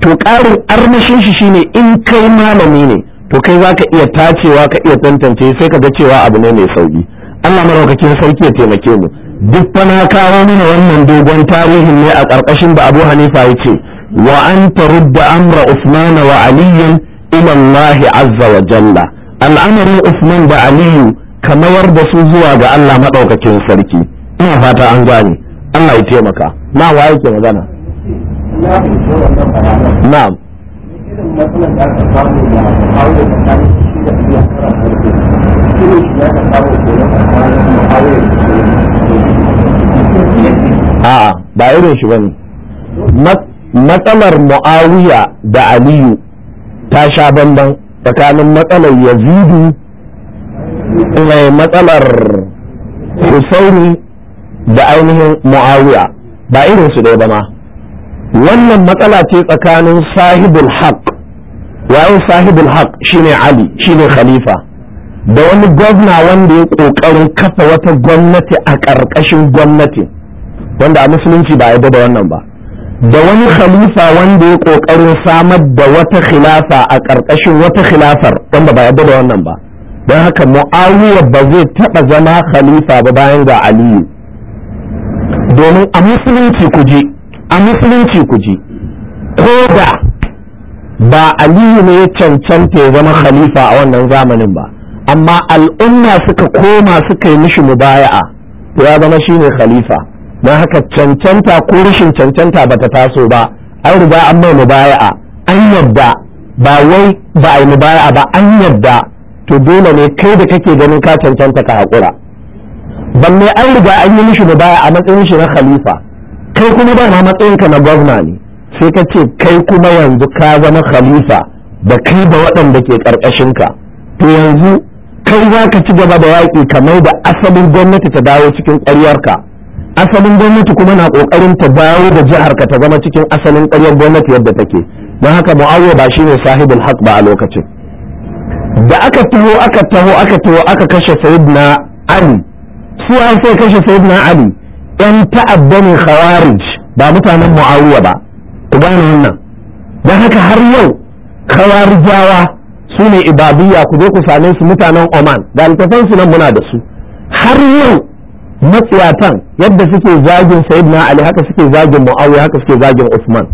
to ƙarin armishin shi shine in kai malami ne to kai za ka iya tacewa ka iya tantance sai ka ga cewa abu ne mai sauki Allah maraukakin sarki ya taimake mu duk fa na kawo mana wannan dogon tarihin ne a ƙarƙashin da Abu Hanifa ya ce وأن ترد أمر عثمان وعلي إلى الله عز وجل الأمر عثمان وعلي كما يرد سوزوا ga Allah madaukakin sarki ina fata an gane Allah ya taimaka na wa yake magana na'am a'a ba irin shi bane matsalar mu'awiya da aliyu ta sha bamban tsakanin matsalar yazidu mai matsalar husaini da ainihin mu'awiya ba irin su dai ba ma wannan matsala ce tsakanin sahibul haq waye sahibul haq shine ali shine khalifa da wani gwamna wanda ya kokarin kafa wata gwamnati a ƙarƙashin gwamnati wanda a musulunci ba a da wannan ba da wani khalifa wanda ya kokarin samar da wata khilafa a ƙarƙashin wata khilafar wanda ba yadda da wannan ba don haka mu'awiya ba zai taɓa zama khalifa ba bayan ga aliyu domin a musulunci ku je. a musulunci ku je. ko da ba aliyu ne ya cancanta ya zama khalifa a wannan zamanin ba amma al'umma suka koma suka yi mishi mubaya'a to ya zama shine khalifa don haka cancanta ko rashin cancanta ba ta taso ba an riga an mai mubaya'a an yadda ba wai ba a yi mubaya'a ba an yadda to dole ne kai da kake ganin ka cancanta ka haƙura ban mai an riga an yi mishi mubaya a matsayin shi na khalifa kai kuma ba na ka na gwamna ne sai ka ce kai kuma yanzu ka zama khalifa da kai da waɗanda ke ƙarƙashin ka to yanzu kai za ka ci gaba da yaƙi kamar da asalin gwamnati ta dawo cikin ka. asalin gwamnati kuma na kokarin ta dawo da jihar ka ta zama cikin asalin karyar gwamnati yadda take don haka mu'awiya ba shine sahibul haq ba a lokacin da aka taho aka taho aka taho aka kashe sayyidina ali su an sai kashe sayyidina ali yan ta'adda ne khawarij ba mutanen mu'awiya ba ku gane wannan don haka har yau khawarijawa su ne ibadiyya ku je ku same su mutanen oman da su nan muna da su har yau matsiyatan yadda suke zagin sayyidina ali haka suke zagin muawiya haka suke zagin usman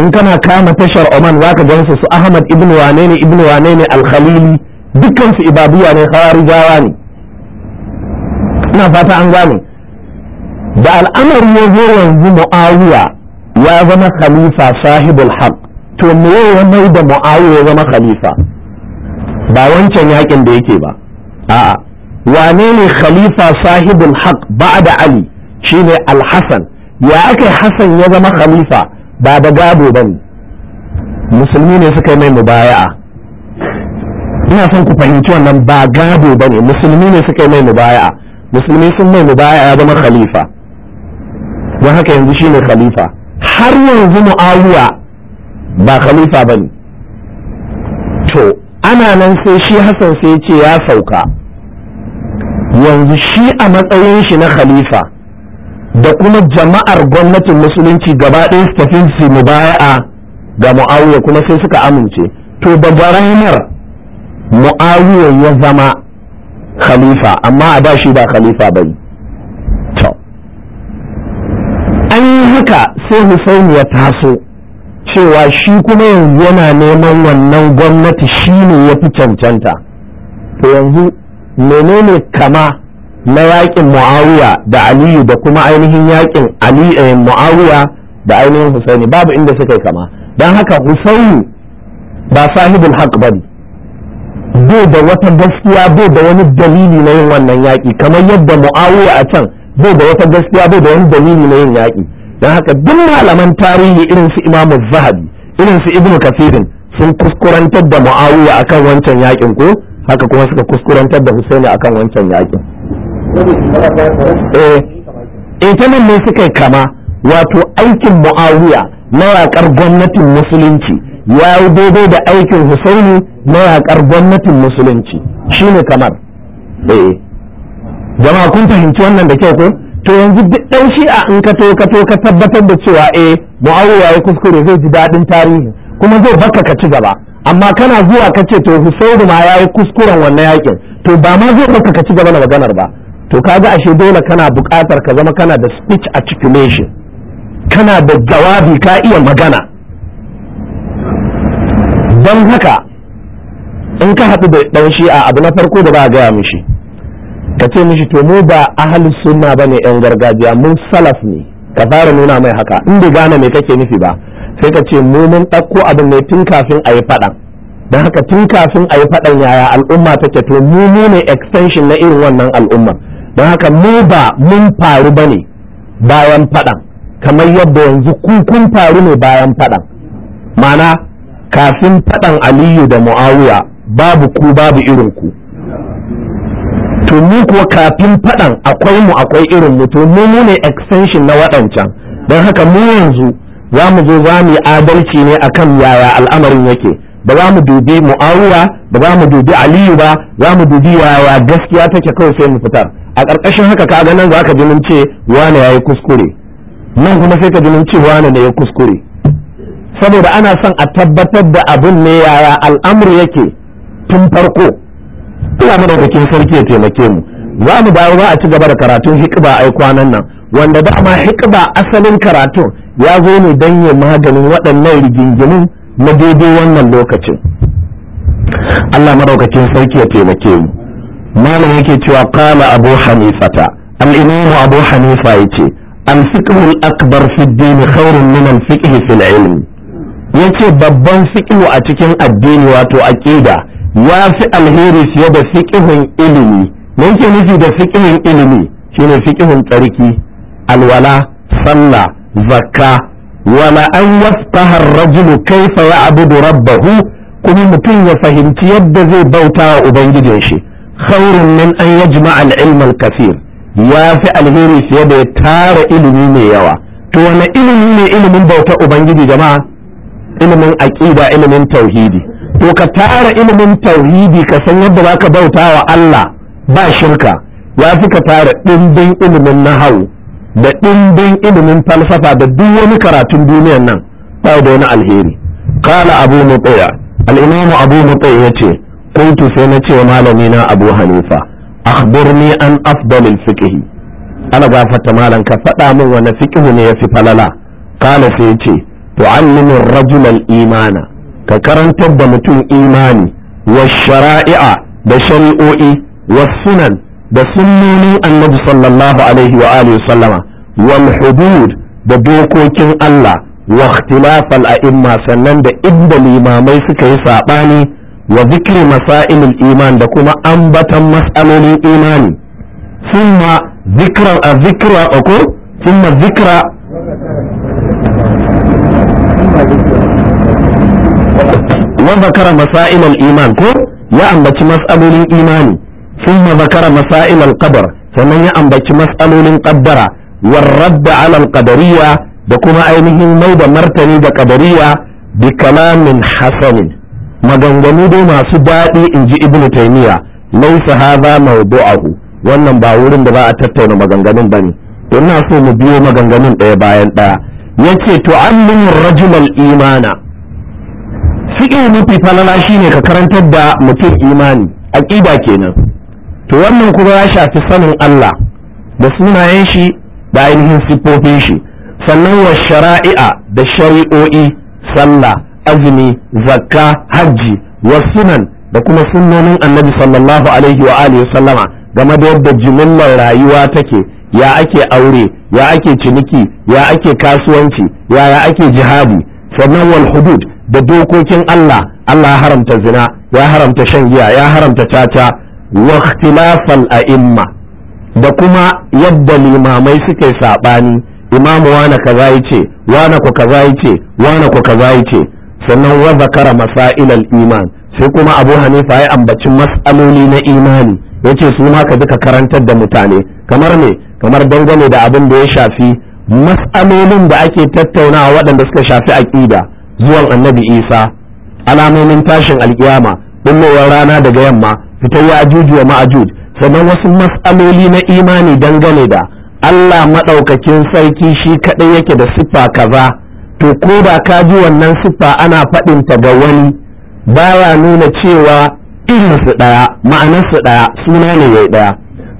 in kana kama tashar oman zaka gansu su ahmad ibn wane ne ibn wane ne alkhalili dukkan su ibabuwa ne ne ina fata an gane da al'amari ya zo yanzu muawiya ya zama khalifa sahibul haq to me ya mai da muawiya ya zama khalifa ba wancan yakin da yake ba a'a wane ne khalifa sahibul haq ba'da ali shine al-hasan ya aka hasan ya zama khalifa ba da gado bane musulmi ne suka yi mai mubaya'a ina son ku fahimci wannan ba gado bane musulmi ne suka yi mai mubaya'a musulmi sun mai mubaya'a ya zama khalifa don haka yanzu shine khalifa har yanzu mu'awiya ba khalifa bane to ana nan sai shi hasan sai ya ce ya sauka yanzu shi a matsayin shi na khalifa da kuma jama'ar gwamnatin musulunci gaba ɗaya su tafi su mubaya'a ga mu'awiya kuma sai suka amince to ba ranar mu'awiya ya zama khalifa amma a da shi ba khalifa bai to an yi haka sai Hussein ya taso cewa shi kuma yanzu yana neman wannan gwamnati shi ya fi cancanta to yanzu menene kama na yakin muawiya da aliyu da kuma ainihin yakin aliyu eh, muawiya da ainihin husaini babu inda suka yi kama don haka husaini ba sahibul haq bane bai da wata gaskiya bai da wani dalili na yin wannan yaƙi kamar yadda mu'awiya a can bai da wata gaskiya bai da wani dalili na yin yaƙi don haka duk malaman tarihi irin su imamu zahabi irin su ibnu kafirin sun kuskurantar da mu'awiya akan wancan yakin ko haka kuma suka kuskurantar da Husaini akan wancan yakin eh ita eh, nan ne suka kama wato aikin Muawiya na gwamnatin musulunci ya yi daidai da aikin Husaini na gwamnatin musulunci shi ne kamar eh jama'a kun fahimci wannan da kyau ko to yanzu duk dan shi'a in ka to ka to ka tabbatar da cewa eh Muawiya ya kuskure zai ji daɗin tarihi kuma zai baka ka ci gaba amma kana zuwa ka ce to Husainu ma ya yi kuskuren wannan yakin to ba ma zai baka ka ci gaba da maganar ba to kaga ashe dole kana buƙatar ka zama kana da speech articulation kana da jawabi ka iya magana don haka in ka haɗu da ɗan a abu na farko da ba a gaya mishi ka ce mishi to mu ba ahalin sunna ba ne 'yan gargajiya mun salaf ne ka fara nuna mai haka in bai gane me kake nufi ba sai ka ce mu mun ɗauko abin ne tun kafin a yi faɗan don haka tun kafin a yi faɗan yaya al'umma take to mu ne extension na irin wannan al'umma don haka mu ba mun faru ba ne bayan faɗan kamar yadda yanzu kun faru ne bayan faɗan ma'ana kafin faɗan aliyu da mu'awiya babu ku babu irin ku to mu kuwa kafin faɗan akwai mu akwai irin mu to mu mu ne extension na waɗancan don haka mu yanzu za mu zo za mu yi adalci ne a kan yaya al'amarin yake ba za mu dubi mu'awiya ba za mu dubi aliyu ba za mu dubi yaya gaskiya take kawai sai mu fitar a ƙarƙashin haka kaga nan za ka ji mun ce wane ya yi kuskure nan kuma sai ka ji mun ce wane ne ya kuskure saboda ana son a tabbatar da abin ne yaya al'amur yake tun farko ina da kin sarki ya taimake mu za mu dawo za a ci gaba da karatun a ai kwanan nan wanda dama hikba asalin karatun ya zo ne don ya maganin waɗannan rigingimin na daidai wannan lokacin Allah maraukacin sarki ya taimake mu malam yake cewa qala abu hanifata al-imam abu hanifa yace al-fiqh al-akbar fi dini din khairun min al-fiqh fi ilm yace babban fiqh a cikin addini wato aqida ya fi alheri fiye da fiqhin ilimi me yake nufi da fiqhin ilimi shine fiqhin tsarki alwala sallah zakka wala an yastahar rajulu kaifa ya'budu rabbahu kuma mutum ya fahimci yadda zai bauta wa ubangijin shi khairun min an yajma al-ilm al-kathir ya fi alheri fiye da ya tara ilimi mai yawa to wani ilimi ne ilimin bauta ubangiji jama'a ilimin aqida ilimin tauhidi to ka tara ilimin tauhidi ka san yadda zaka bauta wa Allah ba shirka ya fi ka tara dimbin ilimin nahawu da ɗimbin ilimin falsafa da duk wani karatun duniyan nan ba da wani alheri kala abu abu ya ce kuntu sai na ce malami na abu hanifa akhbirni an afdalil fiqhi ana gafarta malam ka faɗa min wani fiqhu ne yafi falala kala sai ce tu'allimu rajulal imana ka karantar da mutum imani wa shara'i'a da shari'o'i wa sunan da sunnonin annabi sallallahu alaihi wa alihi sallama wal hudud da dokokin Allah wa ikhtilafal a'imma sannan da inda limamai suka yi sabani wa zikri masailul iman da kuma ambatan mas'alolin imani thumma zikra a zikra ko thumma zikra wa zakara masailul iman ko ya ambaci mas'alolin imani ثم ذكر مسائل القبر sannan ya ambaci matsalolin kaddara warradda alal qadariya da kuma ainihin mai da martani da qadariya bi kalamin hasanin maganganu dai masu daɗi in ji ibn taymiya laisa hadha mawdu'ahu wannan ba wurin da za a tattauna maganganun bane to ina so mu biyo maganganun ɗaya bayan ɗaya yace tu'allimu ar-rajul al-imana fiqh mafi falala shine ka karantar da mutum imani aqida kenan to wannan kuma ya shafi sanin Allah da sunayen shi da ainihin siffofin shi sannan wa shara'i'a da shari'o'i sallah azumi zakka hajji wa sunan da kuma sunnonin annabi sallallahu alaihi wa alihi sallama game da yadda jimillar rayuwa take ya ake aure ya ake ciniki ya ake kasuwanci ya ya ake jihadi sannan wal hudud da dokokin Allah Allah ya haramta zina ya haramta shan giya ya haramta caca waktilafal a a'imma da kuma yadda limamai suke sabani imamu wana kaza yace wana ko kaza yace wana ko kaza yace sannan wa zakara masailal iman sai kuma abu hanifa ya ambaci mas'aloli na imani yace su ma ka duka karantar da mutane kamar ne kamar dangane da abin da ya shafi mas'alolin da ake tattaunawa waɗanda suka shafi aƙida zuwan annabi isa alamomin tashin alkiyama dullowar rana daga yamma fitar yajuj wa ma'juj sannan wasu matsaloli na imani dangane da Allah maɗaukakin sarki shi kaɗai yake da siffa kaza to ko da ka ji wannan siffa ana faɗinta ga wani ya nuna cewa irinsu ɗaya ma'anarsu ɗaya suna ne yi ɗaya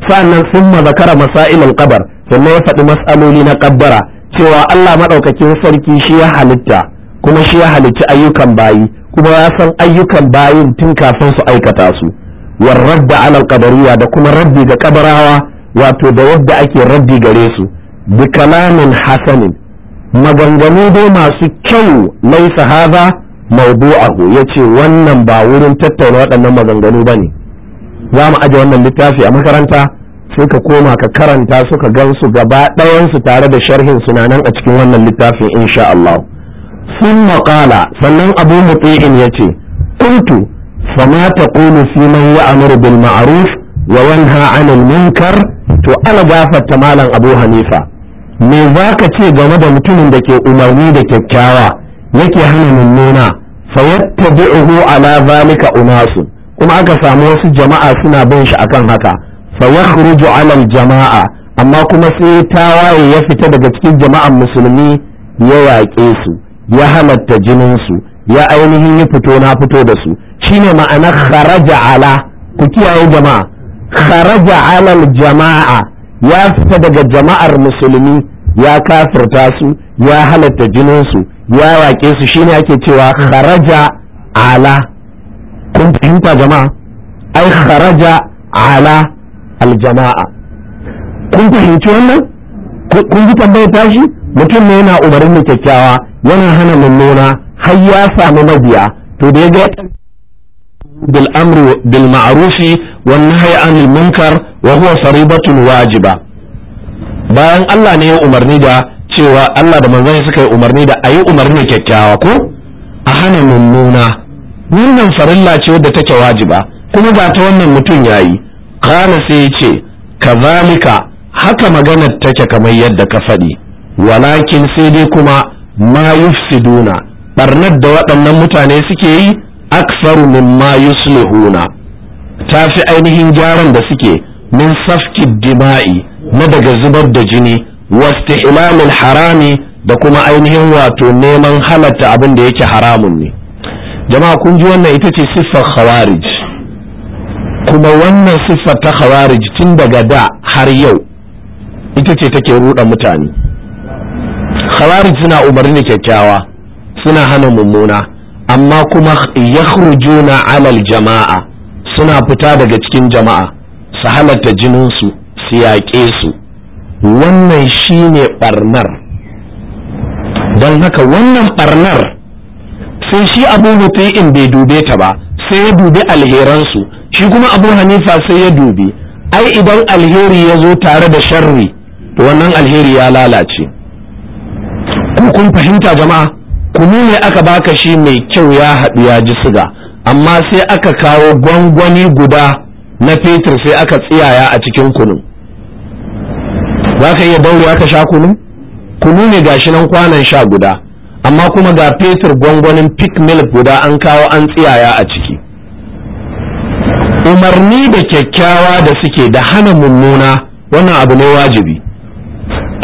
sannan sun mazakara masailin kabar sannan ya faɗi matsaloli na kabbara cewa Allah maɗaukakin sarki shi ya halitta kuma shi ya halicci ayyukan bayi kuma ya san ayyukan bayin tun kafin su aikata su war radda ala da kuma raddi ga kabarawa wato da wadda ake raddi gare su bi kalamin hasanin maganganu dai masu kyau laisa hadha ya yace wannan ba wurin tattauna waɗannan maganganu bane za mu aje wannan littafi a makaranta sai ka koma ka karanta suka gansu gaba ɗayansu tare da sharhin sunanan a cikin wannan littafin insha Allah sun maƙala sannan abu mutu'in ya ce kuntu fama taqulu fi man ya'muru bil ma'ruf wa yanha to ana gafarta malam Abu Hanifa me zaka ce game da mutumin da ke umarni da kyakkyawa yake hana mummuna fayattabi'uhu ala zalika unasu kuma aka samu wasu jama'a suna bin shi akan haka fayakhruju 'ala jama'a amma kuma sai tawaye ya fita daga cikin jama'an musulmi ya yaƙe su ya halatta jininsu ya ainihin yi fito na fito da su shine ma'ana kharaja ala ku kiyaye jama'a kharaja ala jama'a ya fita daga jama'ar musulmi ya kafirta su ya halatta jinin su ya wake su shine ake cewa kharaja ala kun fahimta jama'a ai kharaja ala aljama'a kun fahimci wannan kun ji tambayar tashi mutum ne yana umarni kyakkyawa yana hana mummuna har ya samu mabiya to da ya ga bil amri bil ma'rufi wan nahyi anil wajiba bayan Allah ne ya umarni da cewa Allah da manzon suka yi umarni da ayi umarni kyakkyawa ko a hana mummuna wannan farilla ce wadda take wajiba kuma ba ta wannan mutum yayi kana sai ya ce kazalika haka maganar take kamar yadda ka faɗi walakin sai dai kuma ma yufsiduna barnar da waɗannan mutane suke yi Aksar mimma yuslihuna ta fi ainihin gyaran da suke min safki dima'i na daga zubar da jini wastihlamil harami da kuma ainihin wato neman halatta abin da yake haramun ne jama'a kun ji wannan ita ce siffar khawarij kuma wannan siffar ta khawarij tun daga da har yau ita ce take ruɗa mutane khawarij suna umarni kyakkyawa suna hana mummuna amma kuma yakhrujuna alal jama'a suna fita daga cikin jama'a su halatta jininsu su yaƙe su wannan shine barnar don haka wannan barnar sai shi abu in bai dube ta ba sai ya dubi alheransu shi kuma abu hanifa sai ya dubi ai idan alheri ya zo tare da sharri wannan alheri ya lalace ko kun fahimta jama'a kunu ne aka baka shi mai kyau ya haɗu ya ji siga amma sai aka kawo gwangwani guda na fetur sai aka tsiyaya a cikin kunun za ka iya bauri aka sha kunu kunu ne gashi nan kwanan sha guda amma kuma ga fetur gwangwanin pick milk guda an kawo an tsiyaya a ciki umarni da kyakkyawa da suke da hana mummuna wannan abu ne wajibi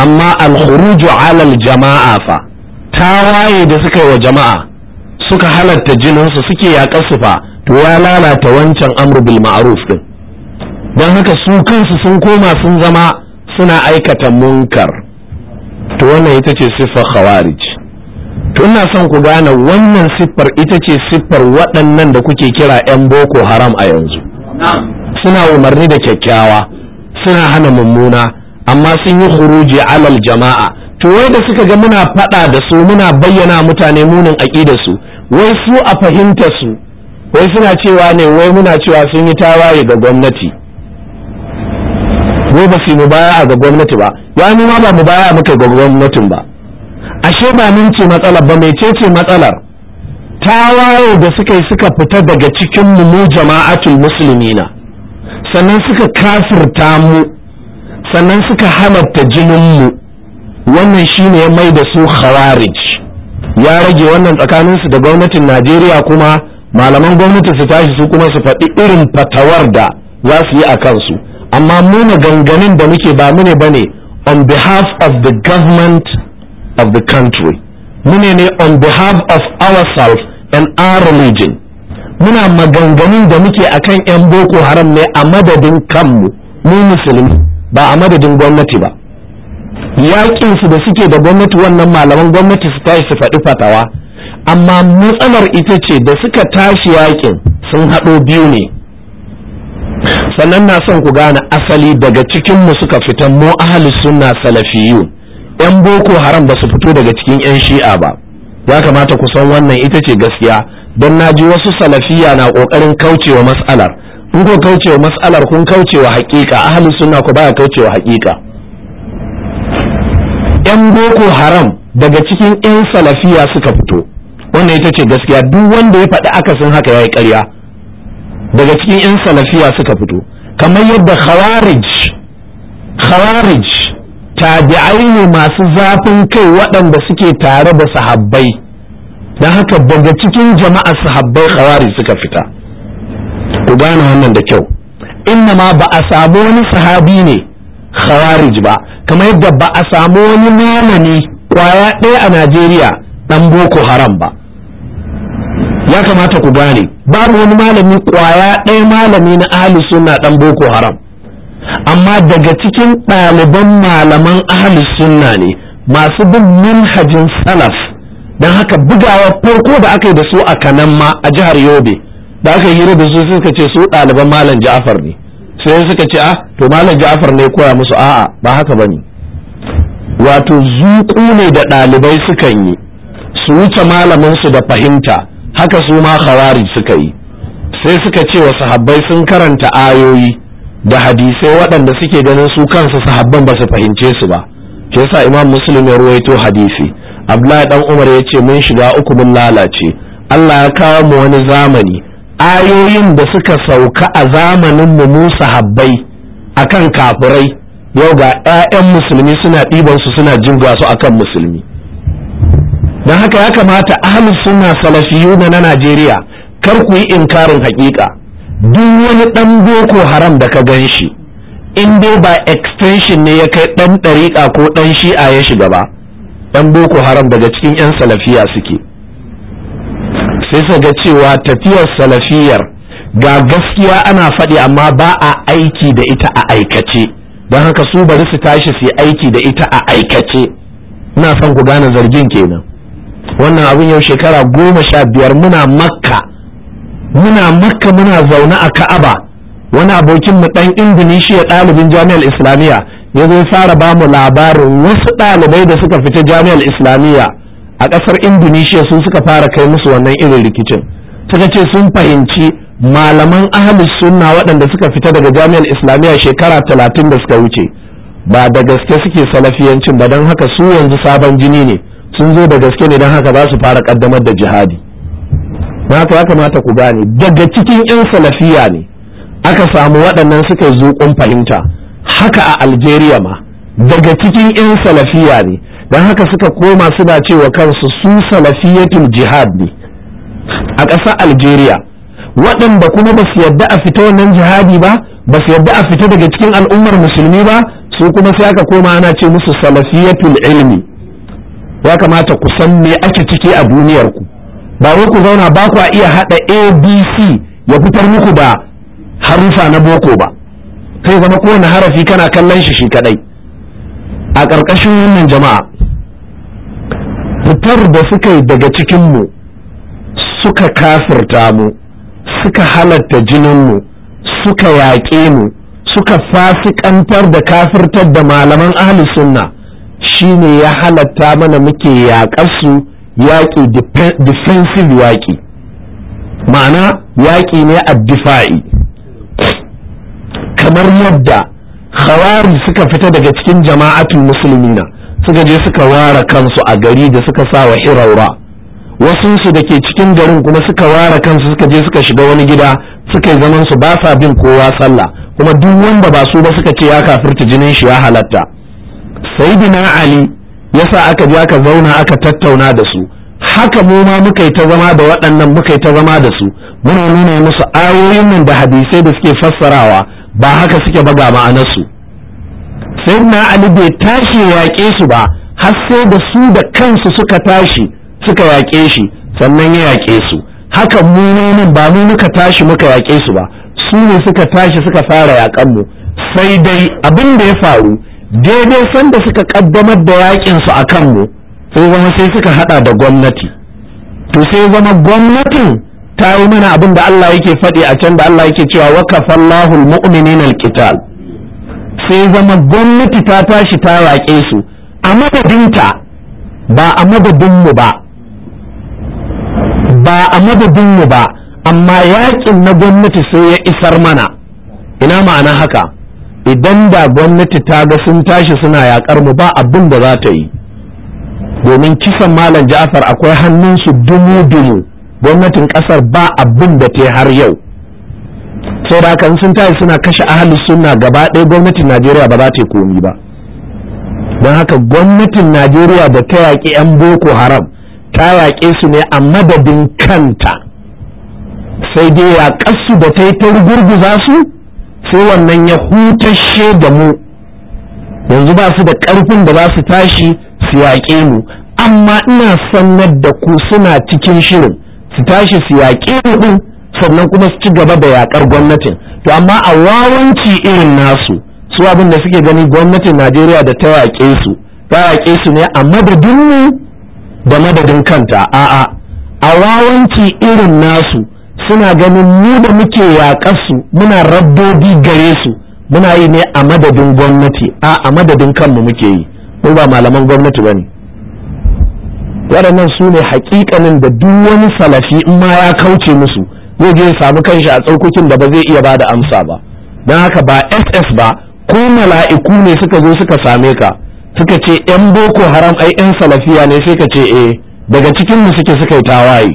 amma alkhuruju alal jama'a fa tawaye da suka yi wa jama'a suka halatta jininsu suke ya su fa to ya lalata wancan amru bil ma'ruf din don haka su kansu sun koma sun zama suna aikata munkar to wannan ita ce siffar khawarij to ina son ku gane wannan siffar ita ce siffar waɗannan da kuke kira 'yan boko haram a yanzu suna umarni da kyakkyawa suna hana mummuna amma sun yi huruji alal jama'a to wai da suka ga muna faɗa da su muna bayyana mutane munin aƙida su wai su a fahimta su wai suna cewa ne wai muna cewa sun yi tawaye ga gwamnati wai ba su mubaya ga gwamnati ba ya ma ba mubaya muka ga gwamnatin ba ashe ba mun ce matsalar ba mai ce matsalar tawaye da suka suka fita daga cikin mu jama'atul musulmina sannan suka kafirta mu sannan suka halatta jinin mu wannan shine ya mai da su khawarij ya rage wannan tsakaninsu da gwamnatin najeriya kuma malaman gwamnati su tashi su kuma su faɗi irin fatawar da za su yi a kansu amma muna ganganin da muke ba mu ne ne on behalf of the government of the country mune ne on behalf of ourselves and our religion muna maganganun da muke akan 'yan boko haram ne a madadin kanmu mu musulmi ba a madadin gwamnati ba yakin su da suke da gwamnati wannan malaman gwamnati su tashi su faɗi fatawa amma matsalar ita ce da suka tashi yakin sun haɗo biyu ne sannan na son ku gane asali daga cikin mu suka fita mu ahli sunna salafiyu yan boko haram ba su fito daga cikin yan shi'a ba ya kamata ku san wannan ita ce gaskiya don na ji wasu salafiya na kokarin kaucewa mas'alar kun ko kaucewa mas'alar kun kaucewa haƙiƙa ahli sunna ku baya kaucewa haƙiƙa 'yan boko haram daga cikin 'yan salafiya suka fito wannan ita ce gaskiya duk wanda ya faɗi akasin haka ya yi ƙarya daga cikin 'yan salafiya suka fito kamar yadda khawarij khawarij tabi'ai ne masu zafin kai waɗanda suke tare da sahabbai don haka daga cikin jama'a sahabbai khawarij suka fita ku gane wannan da kyau inna ma ba a samu wani sahabi ne khawarij ba kamar yadda ba a samu wani malami kwaya ɗaya a najeriya ɗan boko haram ba ya kamata ku gane babu wani malami kwaya ɗaya malami na ahli sunna ɗan boko haram amma daga cikin ɗaliban malaman ahli sunna ne masu bin manhajin salaf don haka bugawa farko da aka yi da su a kanan ma a jihar yobe da aka yi hira da su suka ce su ɗaliban malam jafar ne sai suka ce ah to malam Ja'far ne koya musu a'a ba haka bane wato zuƙu ne da ɗalibai sukan yi su wuce malamin su da fahimta haka su ma khawari suka yi sai suka ce wa sahabbai sun karanta ayoyi da hadisai waɗanda suke ganin su kansu sahabban ba su fahimce su ba ke sa imam muslim ya ruwaito hadisi abdullahi dan umar ya ce mun shiga uku mun lalace allah ya kawo mu wani zamani ayoyin da suka sauka a zamanin mu Musa habbai akan kafirai yau ga 'ya'yan musulmi suna ɗiban su suna jirga su akan musulmi don haka ya kamata ahlus sunna salafiyuna na Najeriya kar ku yi inkarin hakika duk wani dan boko haram da ka gan shi in dai ba extension ne ya kai dan ɗariƙa ko dan shi'a ya shiga ba dan boko haram daga cikin yan salafiya suke sai sa ga cewa tafiyar salafiyar ga gaskiya ana faɗi amma ba a aiki da ita a aikace don haka su bari su tashi su aiki da ita a aikace ina son ku gane zargin kenan wannan abin yau shekara goma sha biyar muna makka muna makka muna zaune a ka'aba wani abokin mu dan indonesia ɗalibin jami'ar islamiyya ya zo fara bamu labarin wasu ɗalibai da suka fita jami'ar islamiyya a ƙasar indonesia sun suka fara kai musu wannan irin rikicin suka ce sun fahimci malaman ahlus sunna waɗanda suka fita daga jami'ar islamiyya shekara talatin da suka wuce ba da gaske suke salafiyancin ba don haka su yanzu sabon jini ne sun zo da gaske ne don haka za su fara ƙaddamar da jihadi na haka ya kamata ku gane daga cikin 'yan salafiya ne aka samu waɗannan suka zuƙun fahimta haka a algeria ma daga cikin 'yan salafiya ne dan haka suka koma suna cewa kansu su salafiyatul jihad ne a ƙasar algeria waɗanda kuma ba su yadda a fita nan jihadi ba ba su yadda a fita daga cikin al'ummar musulmi ba su kuma sai aka koma ana ce musu salafiyatul ilmi ya kamata ku san me ake ciki a duniyar ku ba wai ku zauna ba ku iya hada abc ya fitar muku da harufa na boko ba kai zama kowane harafi kana kallon shi shi kadai a ƙarƙashin wannan jama'a fitar da suka yi daga cikinmu suka kafirta mu suka halatta jininmu suka yaƙe mu suka fasikantar da kafirtar da malaman ahli sunna shine ya halatta mana muke yaƙarsu yaƙi defensive yaƙi ma'ana yaƙi ne a difa'i kamar yadda khawari suka fita daga cikin jama'atul musulmina suka je suka ware kansu a gari da suka sa wa hiraura wasunsu da ke cikin garin kuma suka ware kansu suka je suka shiga wani gida suka yi zaman su ba sa bin kowa sallah kuma duk wanda ba su ba suka ce ya kafirta jinin shi ya halatta sayyidina ali yasa aka je aka zauna aka tattauna da su haka mu ma muka yi ta zama da waɗannan muka yi ta zama da su muna nuna musu ayoyin nan da hadisai da suke fassarawa ba haka suke ba ga su sayyidina ali bai tashi yaƙe su ba har sai da su da kansu suka tashi suka yaƙe shi sannan ya yaƙe su haka munonin ba mu muka tashi muka yaƙe su ba su ne suka tashi suka fara yaƙan mu sai dai abin da ya faru daidai sanda suka ƙaddamar da yaƙin su a kanmu sai zama sai suka haɗa da gwamnati to sai zama gwamnatin ta yi mana abin da Allah yake faɗi a can da Allah yake cewa wa kafallahu almu'minina alqital sai zama gwamnati ta tashi ta yaƙe su a madadinta ba a madadinmu ba ba a madadinmu ba amma yakin na gwamnati sai ya isar mana ina ma'ana haka idan da gwamnati ta ga sun tashi suna yaƙarmu mu ba abin da za ta yi domin kisan malam ja'afar akwai hannunsu dumu-dumu gwamnatin kasar ba abin da ta har yau saboda haka sun tashi suna kashe ahalus sunna gaba ɗaya gwamnatin najeriya ba za ta yi komi ba don haka gwamnatin najeriya da ta yaƙi 'yan boko haram ta yaƙe su ne a madadin kanta sai dai ya yaƙarsu da ta yi ta rugurguza su sai wannan ya hutashe da mu yanzu ba su da ƙarfin da za su tashi su yaƙe mu amma ina sanar da ku suna cikin shirin su tashi su yaƙe mu ɗin sannan kuma su ci gaba da yakar gwamnatin to amma a wawanci irin nasu su abin da suke gani gwamnatin najeriya da ta yaƙe su ta yaƙe su ne a madadin mu da madadin kanta a'a a wawanci irin nasu suna ganin mu da muke yaƙar su muna rabbobi gare su muna yi ne a madadin gwamnati a a madadin kanmu muke yi mu ba malaman gwamnati bane waɗannan su ne hakikanin da duk wani salafi in ma ya kauce musu zai je samu kanshi a tsaukokin da ba zai iya bada amsa ba don haka ba ss ba ko mala'iku ne suka zo suka same ka suka ce yan boko haram ai yan salafiya ne sai ka ce eh daga cikin mu suke suka yi tawaye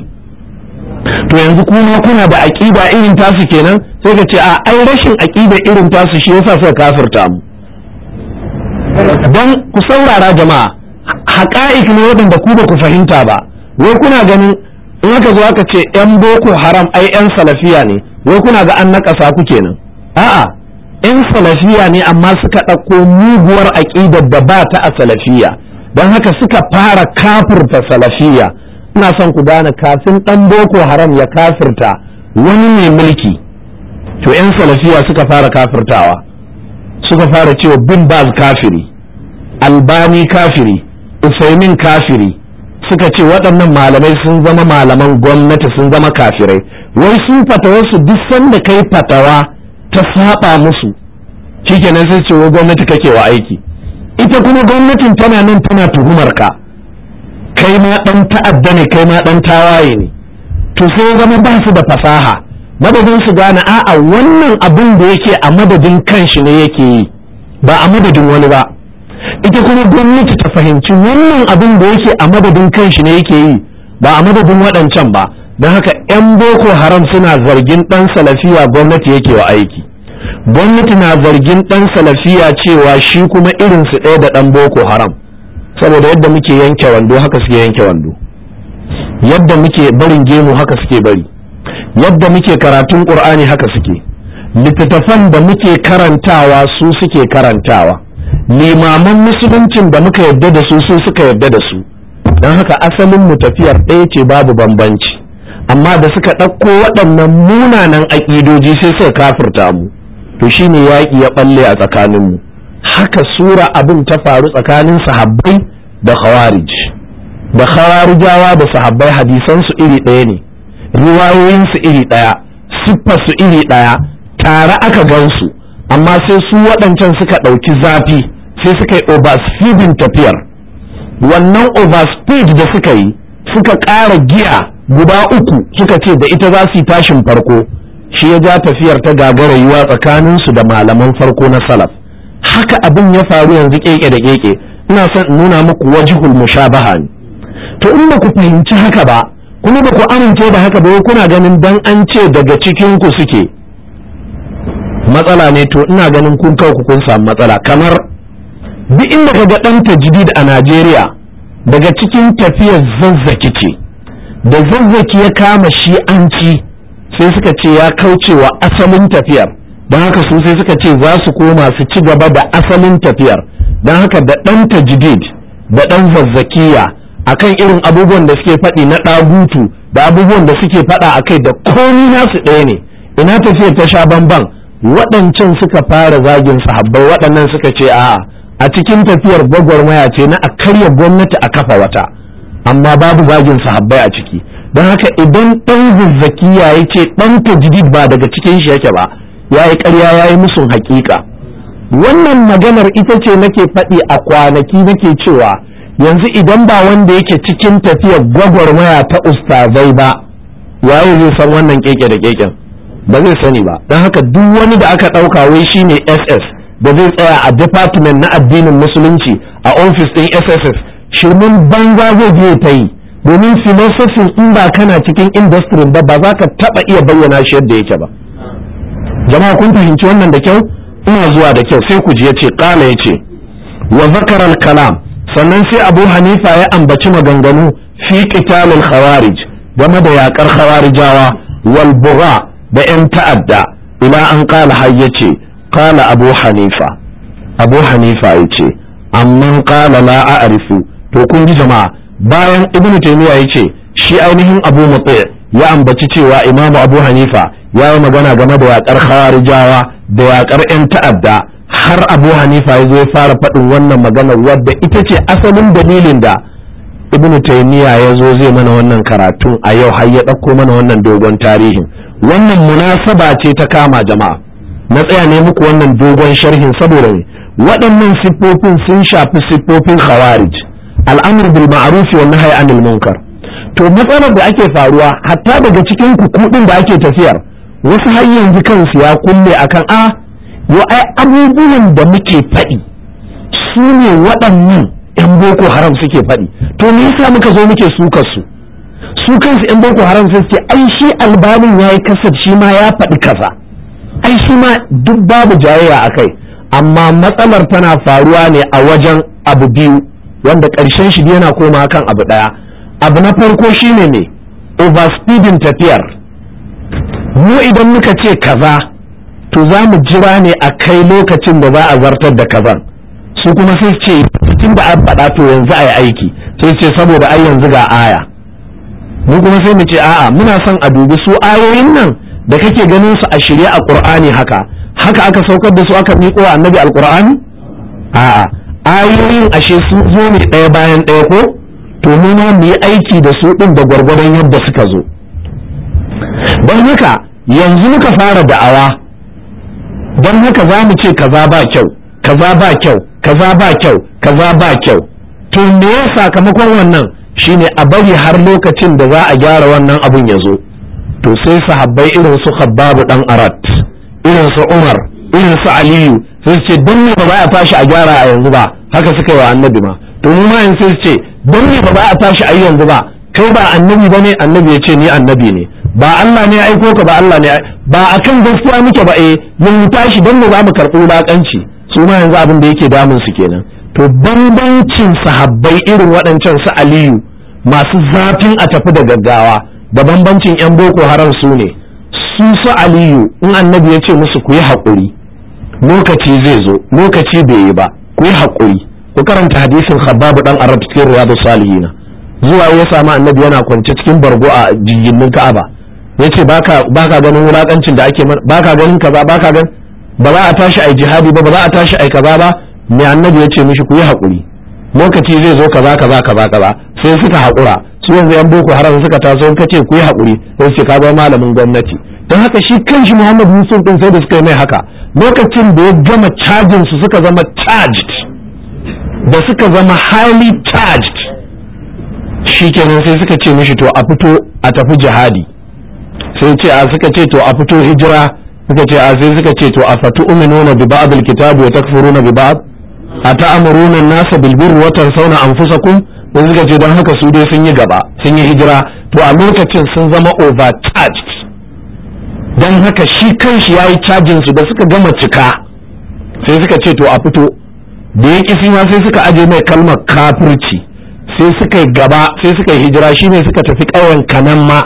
to yanzu kuma kuna da aƙida irin tasu kenan sai ka ce a ai rashin aƙida irin tasu shi yasa suka kafirta mu don ku saurara jama'a haƙa'ik ne waɗanda ku ba ku fahimta ba wai kuna ganin in aka zo aka ce yan boko haram ai yan salafiya ne wai kuna ga an naƙasa ku kenan a'a yan salafiya ne amma suka ɗauko muguwar aƙidar da ba ta a salafiya don haka suka fara kafirta salafiya ina son ku gane kafin ɗan boko haram ya kafirta wani mai mulki to yan salafiya suka fara kafirtawa suka fara cewa bin baz kafiri albani kafiri usaimin kafiri suka ce waɗannan malamai sun zama malaman gwamnati sun zama kafirai wai su fatawarsu duk sanda kai fatawa ta saba musu shikenan sai ce wai gwamnati kake wa aiki ita kuma gwamnatin tana nan tana tuhumar ka kai ma dan ta'adda ne kai ma dan tawaye ne to sai zama ba su da fasaha madadin su gane a'a wannan abin da yake a madadin kanshi ne yake yi ba a madadin wani ba ita kuma gwamnati ta fahimci wannan abin da yake a madadin kan shi ne yake yi ba a madadin waɗancan ba don haka 'yan boko haram suna zargin ɗan salafiya gwamnati yake wa aiki gwamnati na zargin ɗan salafiya cewa shi kuma irin su ɗaya da ɗan boko haram saboda yadda muke yanke wando haka suke yanke wando yadda muke barin gemu haka suke bari yadda muke karatun ƙur'ani haka suke littattafan da muke karantawa su suke karantawa limaman musuluncin da muka yadda da su su suka yadda da su don haka asalin mu tafiyar ɗaya ce babu bambanci amma da suka ɗauko waɗannan munanan aƙidoji sai suka kafirta mu to shine yaƙi ya ɓalle a tsakaninmu haka sura abin ta faru tsakanin sahabbai da khawarij da khawarijawa da sahabbai hadisansu iri ɗaya ne su iri ɗaya su iri ɗaya tare aka gansu amma sai su waɗancan suka ɗauki zafi sai suka yi overspeeding tafiyar wannan overspeed da suka yi suka ƙara giya guda uku suka ce da ita za su yi tashin farko shi ya ja tafiyar ta gagarayuwa tsakaninsu da malaman farko na salaf haka abin ya faru yanzu ƙeƙe da ƙeƙe ina son in nuna muku wajihul mushabaha ne to in ba ku fahimci haka ba kuma ba ku amince da haka ba kuna ganin dan an ce daga cikin ku suke matsala ne to ina ganin kun kanku kun samu matsala kamar duk inda ka ga ɗan tajidid a najeriya daga cikin tafiyar zazzaki ce da zazzaki ya kama shi shi'anci sai suka ce ya kaucewa asalin tafiyar don haka su sai suka ce za su koma su ci gaba da asalin tafiyar don haka da ɗan tajidid da ɗan zazzakiya akan irin abubuwan da suke faɗi na ɗagutu da abubuwan da suke faɗa akai da komi nasu ɗaya ne ina tafiyar ta sha bamban waɗancan suka fara zagin sahabbai waɗannan suka ce a a cikin tafiyar gwagwarmaya ce na a karya gwamnati a kafa wata amma babu zagin sahabbai a ciki don haka idan ɗan zazzakiya ya ce ɗan tajdid ba daga cikin shi yake ba ya yi ƙarya ya yi musun haƙiƙa wannan maganar ita ce nake faɗi a kwanaki nake cewa yanzu idan ba wanda yake cikin tafiyar gwagwarmaya ta ustazai ba waye zai san wannan keke da keken ba zai sani ba don haka duk wani da aka ɗauka wai shi ne ss da zai tsaya a department na addinin musulunci a ofis ɗin sss shirmin banza zai je ta yi domin philosophy in ba kana cikin industry ba ba za ka taɓa iya bayyana shi yadda yake ba jama'a kun fahimci wannan da kyau ina zuwa da kyau sai ku ji yace kala yace wa zakara al kalam sannan sai abu hanifa ya ambaci maganganu fi al khawarij game da yakar khawarijawa wal bugha da 'yan ta'adda ila an kala har ya ce kala abu hanifa abu hanifa ya ce amma kala la a'rifu to kun ji jama'a bayan ibn taymiya ya ce shi ainihin abu mutsi ya ambaci cewa imamu abu hanifa ya yi magana game da yakar kharijawa da yakar 'yan ta'adda har abu hanifa ya zo ya fara faɗin wannan magana wadda ita ce asalin dalilin da ibn taymiya ya zo zai mana wannan karatun a yau har ya ɗauko mana wannan dogon tarihin wannan munasaba ce ta kama jama'a na tsaya ne muku wannan dogon sharhin saboda ne waɗannan siffofin sun shafi siffofin khawarij al'amur bil ma'ruf wa nahy anil munkar to matsalar da ake faruwa hatta daga cikin kuɗin da ake tafiyar wasu har yanzu kansu ya kulle akan a ah, yo ai abubuwan da muke faɗi su ne waɗannan yan boko haram suke faɗi to me yasa muka zo muke sukar su su kansu yan boko haram sai suke ai shi albanin yayi kasar shi ma ya faɗi kaza ai shi ma duk babu jayayya kai amma matsalar tana faruwa ne a wajen abu biyu wanda ƙarshen shi yana koma kan abu ɗaya abu na farko shine ne overspeedin tafiyar mu idan muka ce kaza to za mu jira ne a kai lokacin da za a zartar da kazan su kuma sai ce tun da an faɗa to yanzu a yi aiki sai ce saboda ai yanzu ga aya mu kuma sai mu ce a'a muna son a dubi su ayoyin nan da kake ganin su a shirye a qur'ani haka haka aka saukar da su aka miƙo annabi alqur'ani a'a ayoyin ashe sun zo ne ɗaya bayan ɗaya ko to mu ma mu yi aiki da su ɗin da gwargwadon yadda suka zo don haka yanzu muka fara da'awa don haka za mu ce kaza ba kyau kaza ba kyau kaza ba kyau kaza ba kyau to me ya sakamakon wannan shine a bari har lokacin da za a gyara wannan abun ya zo to sai sahabbai irin su khabbab dan arat irin su umar irin su aliyu sai ce dan ne ba za a tashi a gyara a yanzu ba haka suka yi wa annabi ma to mu ma sai ce dan ne ba za a tashi a yanzu ba kai ba annabi ba ne annabi ya ce ni annabi ne ba Allah ne ya aiko ka ba Allah ne ba akan gaskiya muke ba eh mun tashi dan ne za mu karɓi wulaƙanci su ma yanzu abin da yake damun su kenan to bambancin sahabbai irin waɗancan su aliyu masu zafin a tafi da gaggawa da bambancin yan boko haram su ne su su aliyu in annabi ya ce musu ku yi haƙuri lokaci zai zo lokaci bai yi ba ku yi haƙuri ku karanta hadisin khabbab dan arab cikin riyadu salihina zuwa ya samu annabi yana kwance cikin bargo a jinjinin ka'aba yace baka baka ganin wulakancin da ake baka ganin kaza baka ganin ba za a tashi a jihadi ba ba za a tashi ai kaza ba mai annabi ya ce mishi ku yi haƙuri lokaci zai zo kaza kaza kaza kaza sai suka haƙura su yanzu yan boko haram suka taso in ka ce ku yi haƙuri sai ce ka malamin gwamnati don haka shi kanshi Muhammad Yusuf din sai da suka yi mai haka lokacin da ya gama cajin su suka zama charged da suka zama highly charged shi kenan sai suka ce mishi to a fito a tafi jihadi sai ce a suka ce to a fito hijira suka ce a sai suka ce to a fatu uminuna bi ba'd alkitab wa takfuruna bi ba'd ata'muruna an-nasa bil birri wa tansawna anfusakum sai suka ce don haka su dai sun yi gaba sun yi hijira to a lokacin sun zama overcharged don haka shi kanshi ya yi cajin su da suka gama cika sai suka ce to a fito da ya kisi ma sai suka aje mai kalmar kafirci sai suka yi gaba sai suka yi hijira shi ne suka tafi ƙauyen kanan ma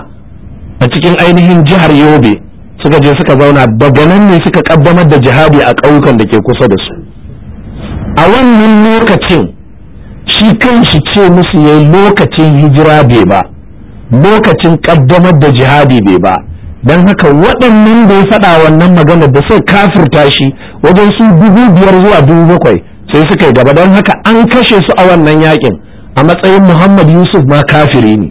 a cikin ainihin jihar yobe suka je suka zauna daga nan ne suka kaddamar da jihadi a ƙauyukan da ke kusa da su a wannan lokacin shi kanshi ce musu yayi lokacin hijira bai ba lokacin kaddamar da jihadi bai ba don haka waɗannan da ya faɗa wannan magana da sai kafirta shi wajen su dubu biyar zuwa dubu bakwai sai suka yi gaba don haka an kashe su a wannan yakin a matsayin muhammad yusuf ma kafiri ne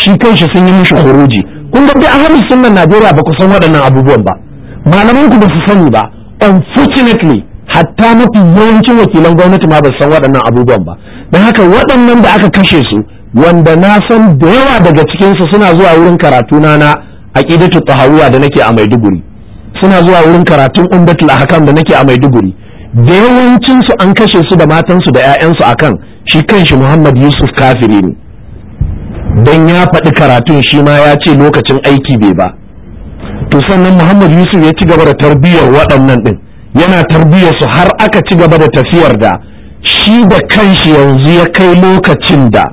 shi kanshi sun yi mishi huruji kun ga ahlus sunna Najeriya ba ku san waɗannan abubuwan ba malaman ku ba su sani ba unfortunately hatta mafi yawancin wakilan gwamnati ma ba su san waɗannan abubuwan ba don haka waɗannan da aka kashe su wanda na san da yawa daga cikin su suna zuwa wurin karatu na na aqidatu tahawiyya da nake a Maiduguri suna zuwa wurin karatun a ahkam da nake a Maiduguri da yawancin su an kashe su da matansu da 'ya'yansu su akan shi kanshi Muhammad Yusuf kafiri ne don ya faɗi karatun shi ma ya ce lokacin aiki bai ba to sannan muhammad yusuf ya ci gaba da tarbiyyar waɗannan ɗin yana tarbiyyar su har aka ci gaba da tafiyar da shi da kanshi yanzu ya kai lokacin da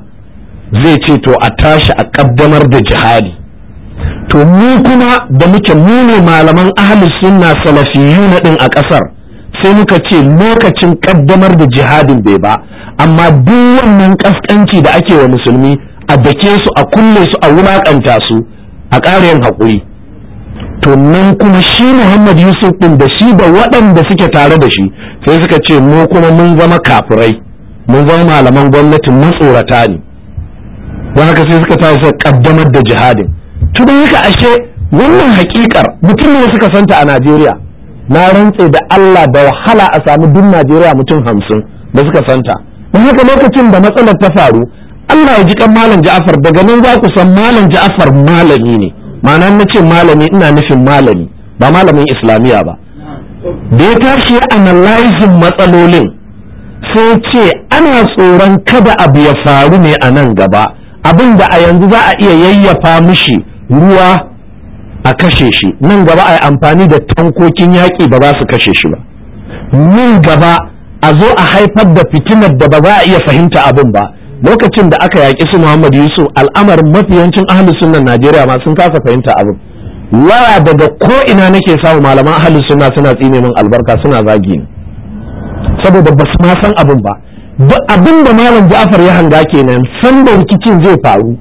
zai ce to a tashi a ƙaddamar da jihadi to mu kuma da muke nuna malaman ahlus sunna na ɗin a ƙasar sai muka ce lokacin ƙaddamar da jihadin bai ba amma duk wannan ƙasƙanci da ake wa musulmi a dake su a kulle su a wulakanta su a ƙarin haƙuri to nan kuma shi Muhammad Yusuf din da shi da waɗanda suke tare da shi sai suka ce mu kuma mun zama kafirai mun zama malaman gwamnatin tsorata ne don haka sai suka tashi kaddamar da jihadin to don haka ashe wannan hakikar mutum ne suka santa a Najeriya na rantse da Allah da wahala a samu duk Najeriya mutum hamsin da suka santa don haka lokacin da matsalar ta faru Allah ya ji kan malam Ja'far daga nan za ku san malam Ja'far malami ne ma'ana na ce malami ina nufin malami ba malamin islamiya ba da ya tashi ya analyzing matsalolin sai ce ana tsoron kada abu ya faru ne a nan gaba abin da a yanzu za a iya yayyafa mishi ruwa a kashe shi nan gaba a yi amfani da tankokin yaƙi ba za su kashe shi ba nan gaba a zo a haifar da fitinar da ba za a iya fahimta abin ba lokacin da aka yaƙi su Muhammad Yusuf al'amarin mafiyancin ahlus sunnan Najeriya ma sun kasa fahimta abin waya daga ko ina nake samu malaman ahlus sunna suna tsine min albarka suna zagi ni saboda ba su ma san abin ba duk abin da malam Ja'far ya hanga kenan san da rikicin zai faru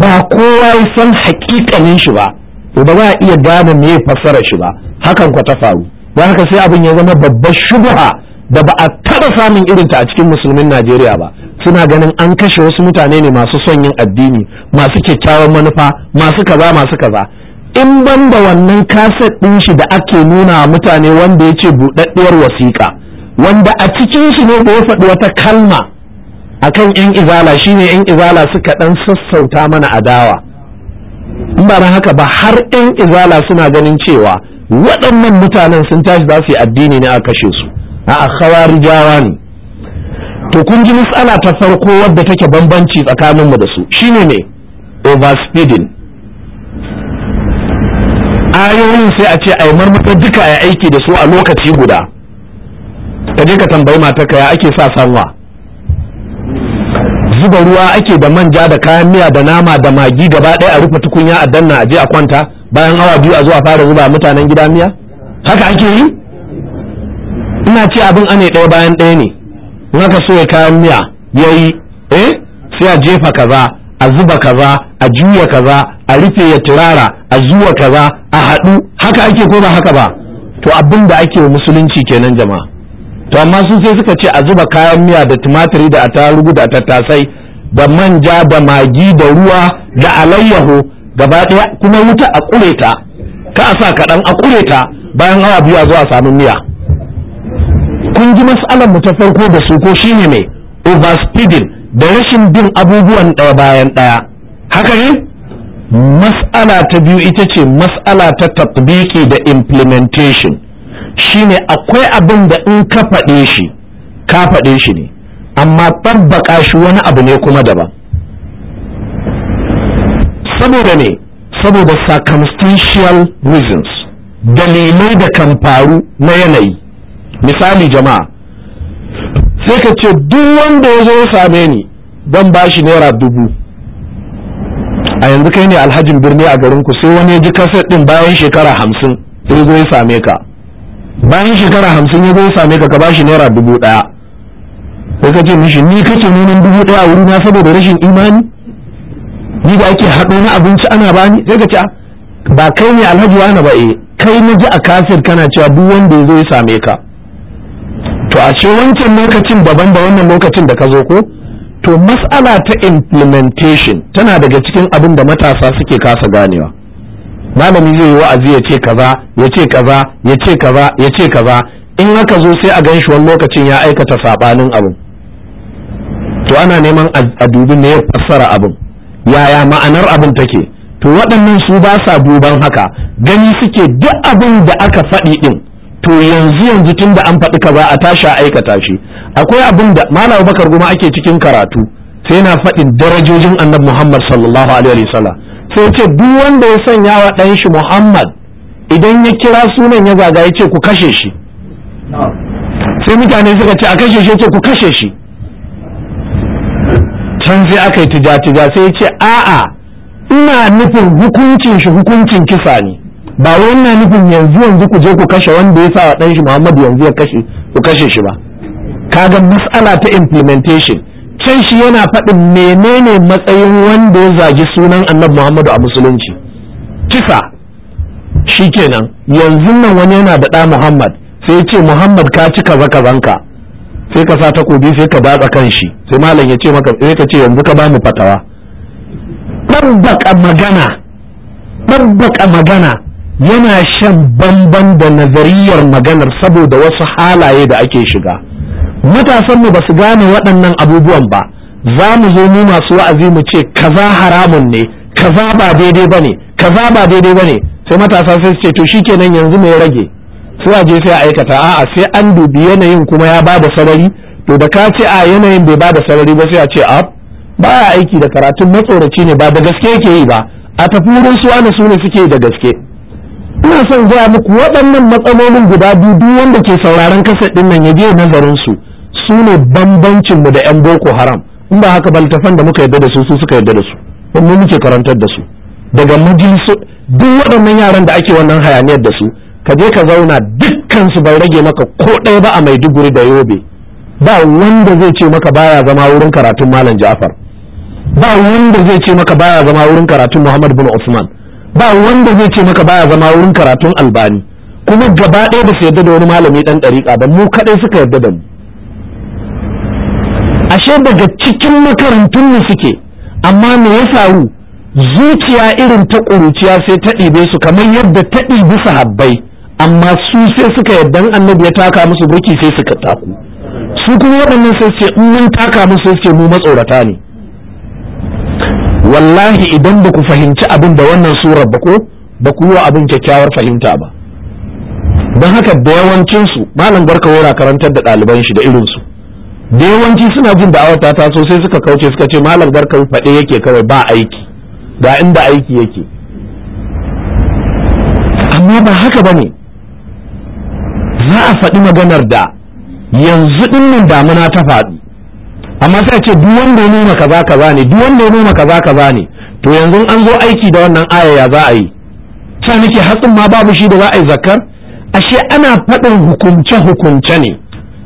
ba kowa ya san hakikanin shi ba to ba za a iya gane me fassara shi ba hakan kwa ta faru don haka sai abin ya zama babbar shubha da ba a taɓa samun irinta a cikin musulmin Najeriya ba suna ganin an kashe wasu mutane ne masu son yin addini masu kyakkyawan manufa masu kaza masu kaza in banda wannan kaset ɗin shi da ake nuna mutane wanda ya ce buɗaɗɗiyar wasiƙa wanda a cikin shi ne da ya faɗi wata kalma akan yan izala shine yan izala suka ɗan sassauta mana adawa in ba haka ba har yan izala suna ganin cewa waɗannan mutanen sun tashi za su yi addini ne a kashe su a'a khawarijawa ne to kun ji matsala ta farko wadda take bambanci tsakaninmu da su shine ne overspeeding ayoyin sai a ce a yi marmata duka ya aiki da su a lokaci guda ka je ka tambayi mata ya ake sa sanwa zuba ruwa ake da manja da kayan miya da nama da magi gaba ɗaya a rufe tukunya a danna a je a kwanta bayan awa biyu a zuwa fara zuba mutanen gida miya haka ake yi ina ce abin ane ɗaya bayan ɗaya ne in so soya kayan miya yayi eh sai a jefa kaza a zuba kaza a juya kaza a rufe ya turara a zuwa kaza a haɗu haka ake ko ba haka ba to abin da ake wa musulunci kenan jama'a to amma su sai suka ce a zuba kayan miya da tumatiri da atarugu da tattasai da manja da magi da ruwa da alayyaho gaba ɗaya kuma wuta a ƙureta ka a sa kaɗan a kureta bayan awa biyu a zo a samu miya kun ji mas'alar mu ta farko da su ko shine mai overspeeding da rashin bin abubuwan ɗaya bayan ɗaya haka ne mas'ala ta biyu ita ce mas'ala ta tatbiki da implementation shine akwai abin da in ka faɗe shi ka faɗe shi ne amma tabbaka shi wani abu ne kuma daban saboda ne saboda circumstantial reasons dalilai da kan faru na yanayi misali jama'a sai ka ce duk wanda ya zo same ni don ba shi naira dubu a yanzu kai ne alhajin birni a garinku sai wani ya ji kaset din bayan shekara hamsin ya zo ya same ka bayan shekara hamsin ya zo ya same ka ka ba shi naira dubu ɗaya sai ka ce mishi ni kake neman dubu ɗaya a wurina saboda rashin imani ni da ake haɗo na abinci ana bani sai ka ce ah, ba kai ne alhaji wani ba eh kai na ji a kafir kana cewa duk wanda ya zo ya same ka to a ce wancan lokacin daban da wannan lokacin da ka zo ko to mas'ala ta implementation tana daga cikin abin da matasa suke kasa ganewa malami zai yi wa'azi ya ce kaza ya ce kaza ya ce kaza ya ce kaza in haka zo sai a gan shi wani lokacin ya aikata sabanin abin to ana neman a dubi ne ya fassara abin yaya ma'anar abin take to waɗannan su ba sa duban haka gani suke duk abin da aka faɗi ɗin to yanzu yanzu tun da an faɗi kaza a tashi a aikata shi akwai abin da malam bakar goma ake cikin karatu sai yana faɗin darajojin annabi muhammad sallallahu alaihi sallam sai ce duk wanda ya sanya wa ɗan shi muhammad idan ya kira sunan ya zaga yace ce ku kashe shi sai mutane suka ce a kashe shi ce ku kashe shi can sai aka yi tija-tija sai ya ce a'a ina nufin hukuncin shi hukuncin kisa ne ba wannan nufin yanzu yanzu ku je ku kashe wanda ya sa dan shi Muhammadu yanzu ya kashe ku kashe shi ba kaga mas'ala ta implementation can shi yana faɗin menene matsayin wanda ya zagi sunan annabi Muhammadu a musulunci kisa shikenan yanzu nan wani yana da ɗa Muhammad sai ya ce Muhammad ka ci kaza kazanka sai ka sa takobi sai ka datsa kan shi sai malam ya ce maka sai ka ce yanzu ka ba mu fatawa babbaka magana babbaka magana yana shan bamban da nazariyar maganar saboda wasu halaye da ake shiga matasanmu ba su gane waɗannan abubuwan ba za mu zo mu masu wa'azi mu ce kaza haramun ne kaza ba daidai ba ne kaza ba daidai ba ne sai matasa sai su ce to shikenan yanzu mai rage sai a je sai a aikata a'a sai an dubi yanayin kuma ya ba da sarari to da ka ce a yanayin bai ba da sarari ba sai a ce a ba aiki da karatun matsoraci ne ba da gaske yake yi ba a tafi wurin su ana su ne suke da gaske ina son gaya muku waɗannan matsalolin guda biyu duk wanda ke sauraron kaset ɗin nan ya je nazarin su su ne bambancin mu da yan boko haram in ba haka baltafan da muka yarda da su su suka yarda da su mu muke karantar da su daga majalisu duk waɗannan yaran da ake wannan hayaniyar da su ka je ka zauna dukkan su bai rage maka ko ɗaya ba a mai Maiduguri da Yobe ba wanda zai ce maka baya zama wurin karatun Malam Ja'far ba wanda zai ce maka baya zama wurin karatun Muhammad bin Usman ba wanda zai ce maka baya zama wurin karatun albani kuma gaba ɗaya ba su yadda da wani malami ɗan ɗariƙa ba mu kaɗai suka yadda da mu ashe daga cikin makarantun mu suke amma me ya faru zuciya irin ta ƙuruciya sai ta ɗibe su kamar yadda ta ɗibi sahabbai amma su sai suka yarda annabi ya taka musu burki sai suka taku su kuma waɗannan sai ce in mun taka musu sai ce mu matsorata ne wallahi idan ba ku fahimci abin da wannan surar ba ko ba ku yi wa abin kyakkyawar fahimta ba don haka da yawancinsu malam barka wora karantar da ɗaliban shi da irinsu da yawanci suna jin da'awar ta taso sai suka kauce suka ce malam barka faɗe yake kawai ba aiki ga inda aiki yake amma ba haka ba ne za a faɗi maganar da yanzu ɗin nan damuna ta faɗi amma sai ce duk wanda ya nuna kaza kaza ne duk wanda ya nuna kaza kaza ne to yanzu an zo aiki da wannan aya ya za a yi ta nake hatsin ma babu shi da za a yi zakar ashe ana faɗin hukunce hukunce ne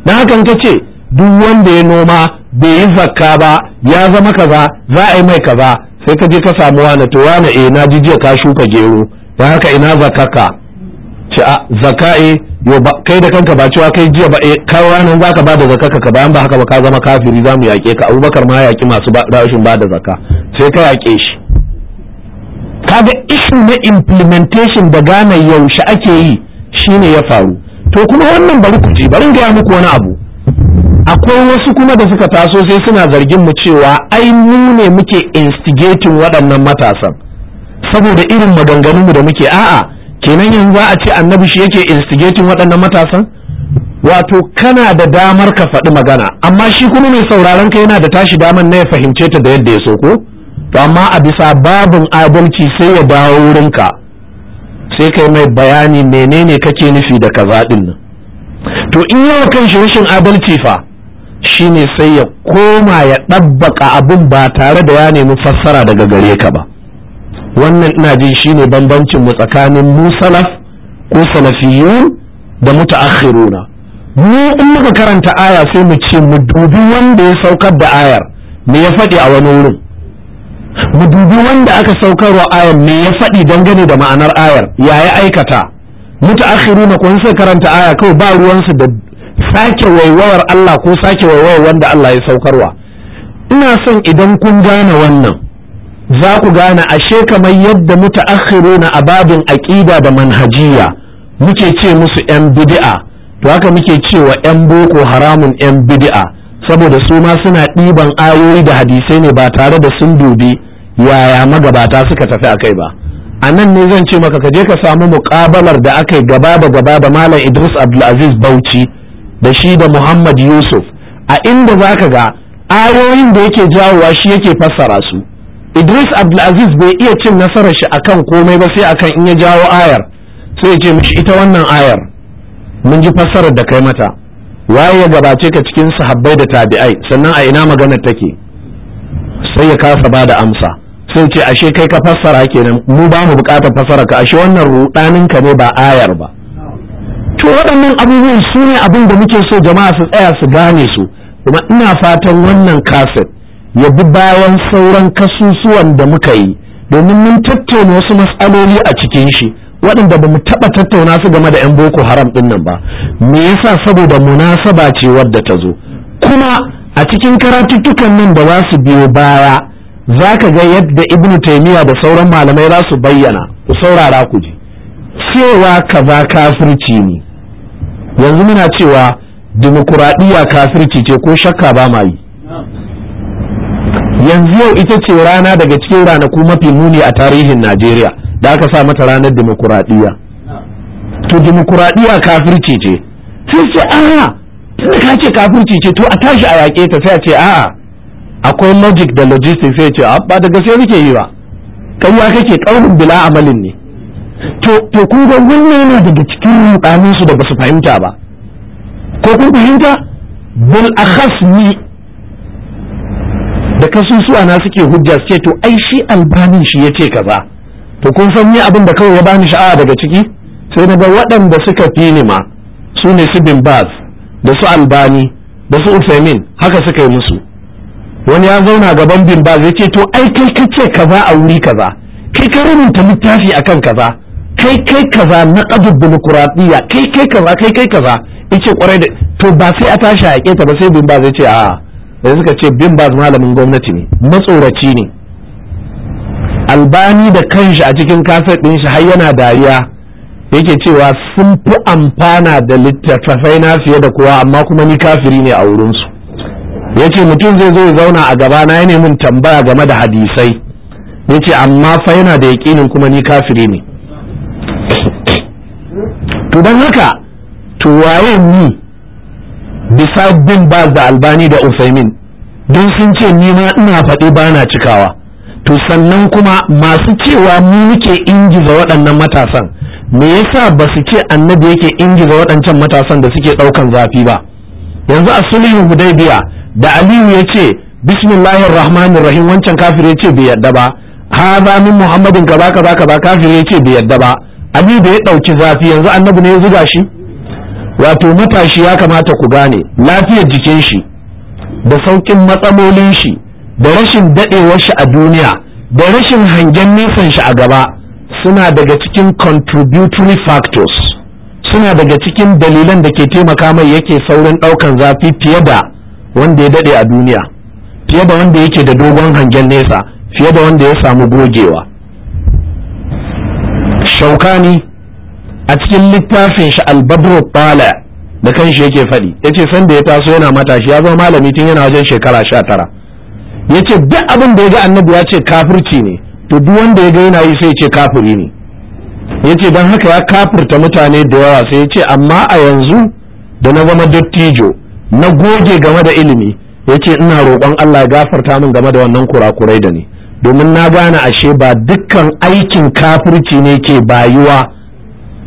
dan hakan ka ce duk wanda ya noma bai yi zakka ba ya zama kaza za a yi mai kaza sai kaje je ka samu wani to wani eh na ji jiya ka shuka gero dan haka ina zakaka ce a zaka'i eh, yo kai da kanka ba cewa kai jiya ba eh kai ranan zaka ba da zakaka ka bayan ba haka ba ka zama kafiri zamu yake ka Abubakar ma yaki masu rashin ba da zaka sai ka yake shi kaga issue na implementation da gane yaushe ake yi shine ya faru to kuma wannan bari ku bari gaya muku wani abu akwai wasu kuma da suka taso sai suna zargin mu cewa ai mu ne muke instigating waɗannan matasan saboda irin maganganunmu da muke a'a kenan yanzu za a ce annabi shi yake instigating waɗannan matasan wato kana da damar ka faɗi magana amma shi kuma mai sauraron ka yana da tashi damar na ya fahimce ta da yadda ya so ko to amma a bisa babin adalci sai ya dawo ka sai kai mai bayani menene kake nufi da kaza din nan to in yawa kan shi rashin adalci fa shine sai ya koma ya ɗabbaka abin ba tare da ya nemi fassara daga gare ka ba wannan ina jin shine bambancin mu tsakanin mu ko salafiyun da mutaakhiruna mu in muka karanta aya sai mu ce mu dubi wanda ya saukar da ayar me ya faɗi a wani wurin mu dubi wanda aka saukarwa ayar me ya faɗi dangane da ma'anar ayar ya ya aikata mutaakhiruna ko sai karanta aya kawai ba ruwansu da sake waiwayar Allah ko sake waiwayar wanda Allah ya saukarwa ina son idan kun gane wannan za ku gane ashe kamar yadda mutaakhiruna na ababin aƙida da manhajiya muke ce musu yan bid'a to haka muke cewa yan boko haramun yan bid'a saboda su ma suna ɗiban ayoyi da hadisai ne ba tare da sun dubi yaya magabata suka tafi akai ba a nan ne zan ce maka kaje ka samu muƙabalar da aka yi gaba da gaba da malam idris abdulaziz bauchi da shi da muhammad yusuf a inda za ka ga ayoyin da yake jawowa shi yake fassara su idris abdulaziz bai iya cin nasarar shi akan komai ba sai akan in ya jawo ayar sai ya ce mishi ita wannan ayar mun ji fassarar da kai mata waye ya gabace ka cikin sahabbai da tabi'ai sannan a ina maganar take sai ya kasa ba da amsa sai ce ashe kai ka fassara kenan mu ba mu bukatar fassara ka ashe wannan rudanin ka ne ba ayar ba to waɗannan abubuwan su ne abin da muke so jama'a su tsaya su gane su kuma ina fatan wannan kaset ya bi bayan sauran kasusuwan da muka yi domin mun tattauna wasu matsaloli a cikin shi waɗanda ba mu taɓa tattauna su game da 'yan boko haram ɗin nan ba me yasa saboda munasaba ce wadda ta zo kuma a cikin karatuttukan nan da za su biyo baya za ka ga yadda ibn taimiyya da sauran malamai za su bayyana ku saurara ku ji cewa kaza kafirci ne yanzu muna cewa dimokuraɗiyya kafirci ce ko shakka ba ma yi yanzu yau ita ce rana daga cikin ranaku mafi muni a tarihin najeriya da aka sa mata ranar dimokuraɗiyya to dimokuraɗiyya kafirci ce sai ce a'a tunda ka ce kafirci ce to a tashi a yaƙe ta sai a ce a'a akwai logic da logistics sai ce a ba daga sai nake yi ba ya kake ƙaunin bila amalin ne to to kun ga daga cikin rudanin su da basu fahimta ba ko kun fahimta bil ni da kasusuwa na suke hujja su ce to ai shi albani shi ya ce kaza to kun san ni abin da kawai ya bani sha'awa daga ciki sai na ga waɗanda suka fi ni ma su ne su bin baz da su albani da su usaimin haka suka yi musu wani ya zauna gaban bin baz ya ce to ai kai ka ce kaza a wuri kaza kai ka rubuta littafi akan kaza kai kai kaza na ƙadud dimokuraɗiyya kai kai kaza kai kai kaza ya ce kwarai da to ba sai a tashi a ta ba sai bin baz ya ce a'a da suka ce bin baz malamin gwamnati ne matsoraci ne albani da kanshi a cikin kasar ɗin shi har yana dariya yake cewa sun fi amfana da littattafai na fiye da kowa amma kuma ni kafiri ne a wurinsu ya ce mutum zai zo zauna a gaba na ya nemin tambaya game da hadisai ya ce amma fa yana da yaƙinin kuma ni kafiri ne to don haka to waye ni bisa bin ba da albani da usaimin don sun ce ni ma ina faɗi ba na cikawa to sannan kuma masu cewa mu muke ingiza waɗannan matasan me yasa ba su ce annabi yake ingiza waɗancan matasan da suke ɗaukan zafi ba yanzu a sulhu hudaybiya da aliyu ya ce bismillahir rahmanir rahim wancan kafir ya ce bai yadda ba haza min muhammadin kaza kaza kaza kafir ya ce bai yadda ba aliyu da ya ɗauki zafi yanzu annabi ne ya zuba shi wato matashi ya kamata ku gane lafiyar jikin shi da saukin matsalolin shi da rashin daɗewar shi a duniya da rashin hangen nisan shi a gaba suna daga cikin contributory factors suna daga cikin dalilan da ke taimaka mai yake saurin ɗaukan zafi fiye da wanda ya daɗe a duniya fiye da wanda yake da dogon hangen nesa fiye da wanda ya samu gogewa shaukani a cikin littafin shi albabru tala da kan shi yake faɗi yace ce sanda ya taso yana matashi ya zo malami tun yana wajen shekara sha tara ya duk abin da ya ga annabi ya ce kafirci ne to duk wanda ya ga yana yi sai ya ce kafiri ne yace ce don haka ya kafirta mutane da yawa sai yace amma a yanzu da na zama dattijo na goge game da ilimi yace ina roƙon Allah ya gafarta min game da wannan kurakurai da ni domin na gane ashe ba dukkan aikin kafirci ne ke bayuwa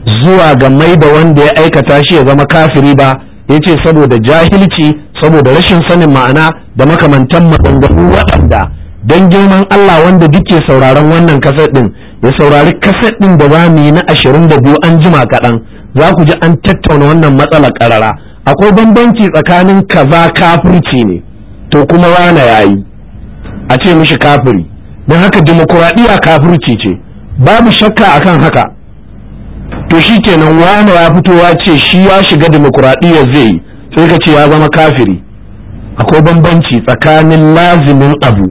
zuwa ga mai da wanda ya aikata shi ya zama kafiri ba ya ce saboda jahilci saboda rashin sanin ma'ana da makamantan maganganu waɗanda don girman Allah wanda duke sauraron wannan kaset ɗin ya saurari kaset ɗin da za mu yi na ashirin da biyu an jima kaɗan za ku ji an tattauna wannan matsalar ƙarara akwai bambanci tsakanin kaza kafirci ne to kuma rana yi a ce mishi kafiri don haka dimokuraɗiyya kafirci ce babu shakka akan haka to shi kenan wani ya fito fitowa ce shi ya shiga dimokuraɗiyya zai yi sai ka ce ya zama kafiri akwai bambanci tsakanin lazimin abu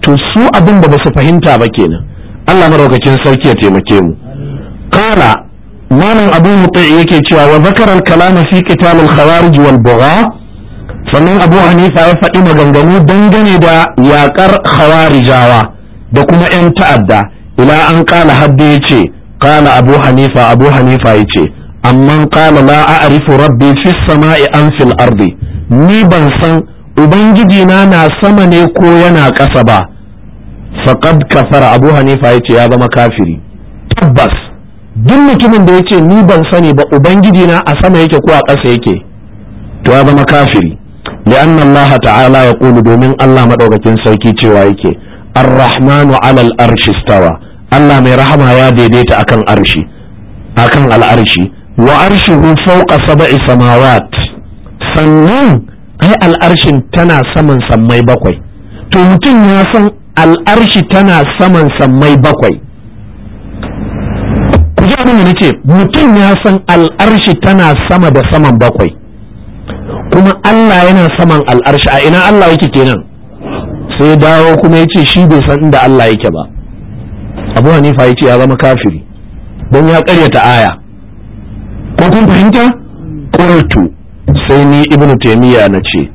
to su abin da ba su fahimta ba kenan Allah maraukakin sarki ya taimake mu kana malam abu mutai yake cewa wa zakara al-kalama fi qital khawarij wal sannan abu hanifa ya faɗi maganganu dangane da yakar khawarijawa da kuma yan ta'adda ila an kala hadda yace qala abu hanifa abu hanifa yace amma qala la a'rifu rabbi fis sama'i am fil ardi ni ban san ubangiji na na sama ne ko yana ƙasa ba faqad kafara abu hanifa ce ya zama kafiri tabbas duk mutumin da yace ni ban sani ba ubangiji na a sama yake ko a ƙasa yake to ya zama kafiri لأن ta'ala تعالى يقول domin allah مدوغتين sarki cewa yake الرحمن alal الأرش stawa. Allah mai rahama ya daidaita akan arshi akan al'arshi wa arshuhu fawqa sab'i samawat sannan ai al'arshin tana saman sammai bakwai to mutum ya san al'arshi tana saman sammai bakwai ku ji abin da nace mutum ya san al'arshi tana sama da saman bakwai kuma Allah yana saman al'arshi a ina Allah yake kenan sai dawo kuma yace shi bai san inda Allah yake ba abu hanifa ya ce ya zama kafiri don ya karyata aya ko kun fahimta qultu sai ni ibnu taymiya na ce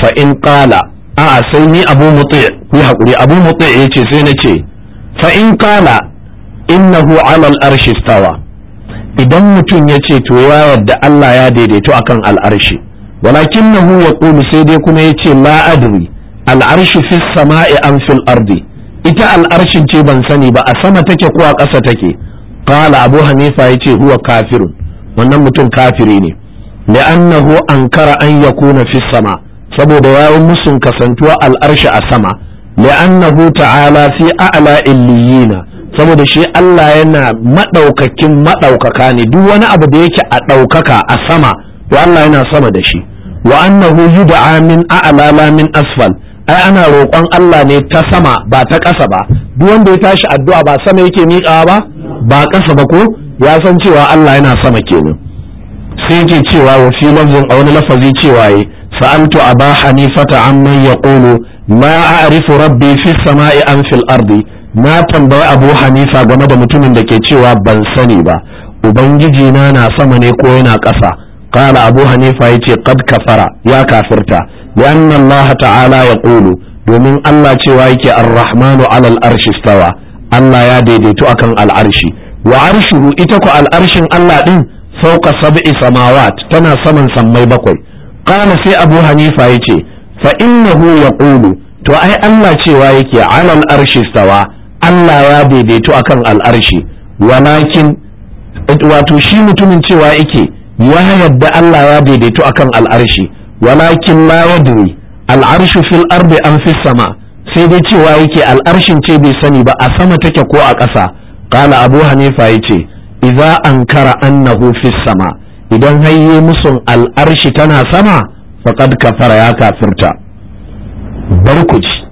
fa in qala a sai ni abu muti ku hakuri abu muti ya sai na ce fa in qala innahu ala al-arshi stawa idan mutum ya ce to ya yarda Allah ya daidaito akan al'arshi walakin nahu ya sai dai kuma ya ce la adri al'arshi fis sama'i an fil ardi ita al'arshin ce ban sani ba a sama take ko a ƙasa take qala abu hanifa yace huwa kafirun wannan mutum kafiri ne annahu ankara an yakuna fi sama saboda yayin musun kasantuwa al'arshi a sama annahu ta'ala fi a'la illiyina saboda shi Allah yana madaukakin madaukaka ne duk wani abu da yake a daukaka a sama to Allah yana sama da shi wa annahu yud'a min a'la la min asfal ai ana roƙon Allah ne ta sama ba ta ƙasa ba duk wanda ya tashi addu'a ba sama yake miƙawa ba ba ƙasa ba ko ya san cewa Allah yana sama kenan sai yake cewa wa fi lafzin a wani lafazi cewa yi sa'altu aba hanifata amman yaqulu ma a'rifu rabbi fi sama'i an fil ardi na tambayi abu hanifa game da mutumin da ke cewa ban sani ba ubangiji na na sama ne ko yana ƙasa قال أبو حنيفة يتي قد كفر يا كافرتا لأن الله تعالى يقول domin Allah cewa yake ar-rahmanu alal arshi stawa Allah ya daidaito akan al'arshi wa arshuhu ita ku al'arshin Allah ɗin? fauka sab'i samawat tana saman sammai bakwai qala sai Abu Hanifa yace fa innahu yaqulu to ai Allah cewa yake alal arshi stawa Allah ya daidaito akan al'arshi walakin wato shi mutumin cewa yake ya yadda Allah ya daidaito akan al'arshi walakin ma yadri al'arshu fil ardi an fis sama sai dai cewa yake al'arshin ce bai sani ba a sama take ko a ƙasa qala abu hanifa yace idza ankara annahu fis sama idan hayye musun al'arshi tana sama faqad kafara ya kafirta barkuci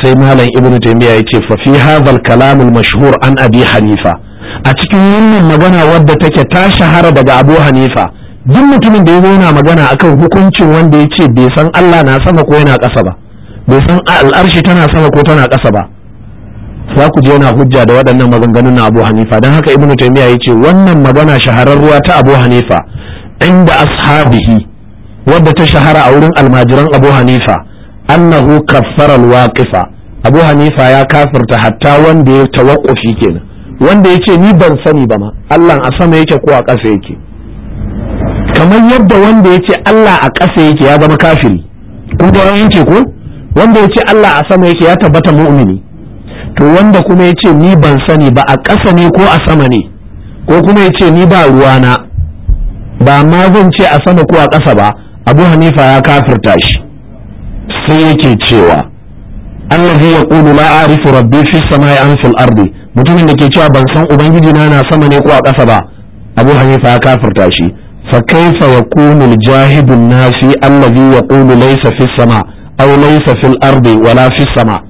sai malam ibnu taymiya yace fa fi hadha al kalam al mashhur an abi hanifa a cikin wannan magana wadda take ta shahara daga abu hanifa duk mutumin da ya zo yana magana akan hukuncin wanda ya ce bai san allah na sama ko yana ƙasa ba bai san al'arshi tana sama ko tana ƙasa ba za ku je na hujja da waɗannan maganganun na abu hanifa don haka ibnu taimiyya ya ce wannan magana shahararruwa ta abu hanifa inda ashabihi wadda ta shahara a wurin almajiran abu hanifa annahu kaffara alwaqifa abu hanifa ya kafirta hatta wanda ya tawaqqufi kenan wanda ya ce ni ban sani ba ma Allah a sama yake ko a ƙasa yake kamar yadda wanda ya ce Allah a ƙasa yake ya zama kafiri kun ga yanke ko wanda ya ce Allah a sama yake ya tabbata mu'mini to wanda kuma ya ce ni ban sani ba a ƙasa ne ko a sama ne ko kuma ya ce ni ba ruwana ba ma zan ce a sama ko a ƙasa ba abu hanifa ya kafirta shi sai yake cewa Allah ya kulu la a'rifu rabbi fi samai an fil ardi mutumin da ke cewa ban san ubangiji na na sama ne ko a ƙasa ba abu hanifa ya kafirta shi fa kaifa yakunu al jahidu nasi allazi yaqulu laysa fi sama aw laysa fil ardi wala fi sama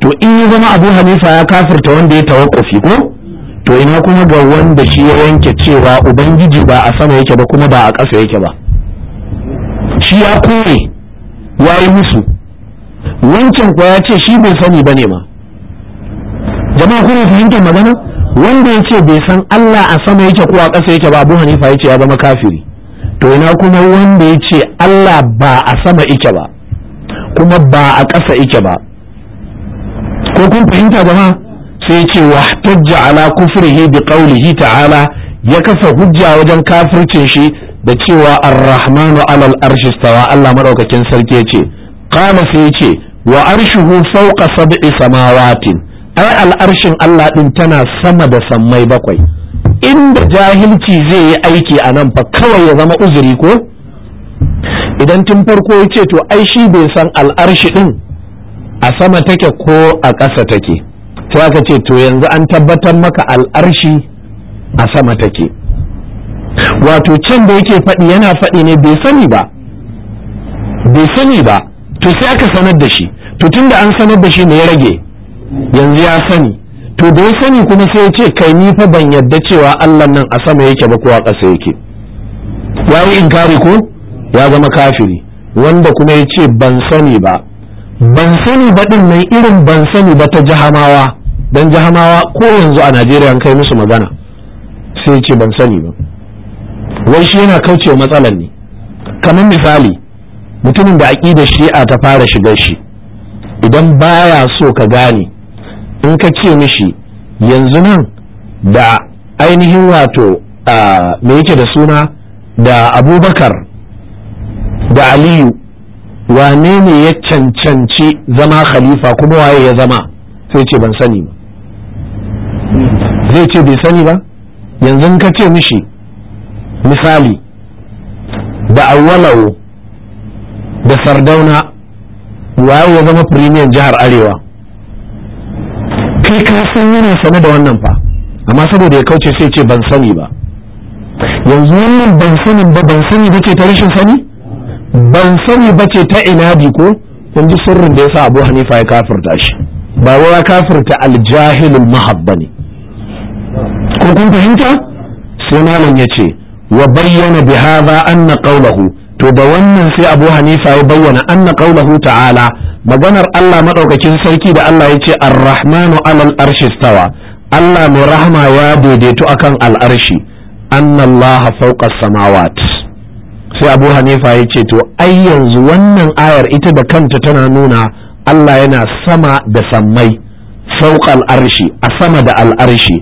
to in ya zama abu hanifa ya kafirta wanda ya tawakkufi ko to ina kuma ga wanda shi ya yanke cewa ubangiji ba a sama yake ba kuma ba a ƙasa yake ba shi ya kore ya musu wancan kuwa ya ce shi bai sani ba ne ma jama'a kuna fahimtar magana wanda ya ce bai san Allah a sama yake ko a ƙasa yake ba Abu Hanifa ya ce ya zama kafiri to ina kuma wanda ya ce Allah ba a sama yake ba kuma ba a ƙasa yake ba ko kun fahimta jama'a sai ya ce wahtajja ala kufrihi bi qawlihi ta'ala ya kafa hujja wajen kafircin shi da cewa ar-rahmanu alal arshi stawa Allah madaukakin sarki ya ce kama sai ya ce wa arshuhu fawqa sab'i samawatin ai al'arshin Allah din tana sama da sammai bakwai inda jahilci zai yi aiki a nan fa kawai ya zama uzuri ko idan tun farko ya ce to ai shi bai san al'arshi din a sama take ko a ƙasa take sai aka ce to yanzu an tabbatar maka al'arshi a sama take wato can da yake faɗi yana faɗi ne bai sani ba bai sani ba to sai aka sanar da shi to tun da an sanar da shi ne ya rage yanzu ya sani to da ya sani kuma sai ya ce kai ni fa ban yadda cewa Allah nan a sama yake ba ko ƙasa yake ya yi inkari ko ya zama kafiri wanda kuma ya ce ban sani ba ban sani ba din nan irin ban sani ba ta jahamawa dan jahamawa ko yanzu a Najeriya an kai musu magana sai ya ce ban sani ba wai shi yana kaucewa matsalar ne kamar misali mutumin da aƙidar shi'a ta fara shigar shi idan baya so ka gane in ka ce mishi yanzu nan da ainihin wato me yake da suna da abubakar da aliyu wane ne ya cancanci zama khalifa kuma waye ya zama sai ce ban sani ba zai ce bai sani ba yanzu ka ce mishi misali da awwalawo da sardauna waye ya zama firimiyan jihar arewa kai ka san yana sane da wannan fa amma saboda ya kauce sai ce ban sani ba yanzu wannan ban sanin ba ban sani ba ce ta rashin sani ban sani ba ce ta inadi ko kun ji sirrin da ya sa abu hanifa ya kafirta shi ba wa kafirta aljahilul mahabba ne ko kun fahimta sai malam ya ce wa bayyana bi hadha anna qawluhu to da wannan sai abu hanifa ya bayyana anna qaulahu ta'ala maganar Allah madaukakin sarki da Allah ya ce ar-rahmanu alal arshi stawa Allah mai rahama ya daidaito akan al'arshi anna Allah fawqa samawat sai abu hanifa ya ce to ai yanzu wannan ayar ita da kanta tana nuna Allah yana sama da sammai fawqa al'arshi a sama da al'arshi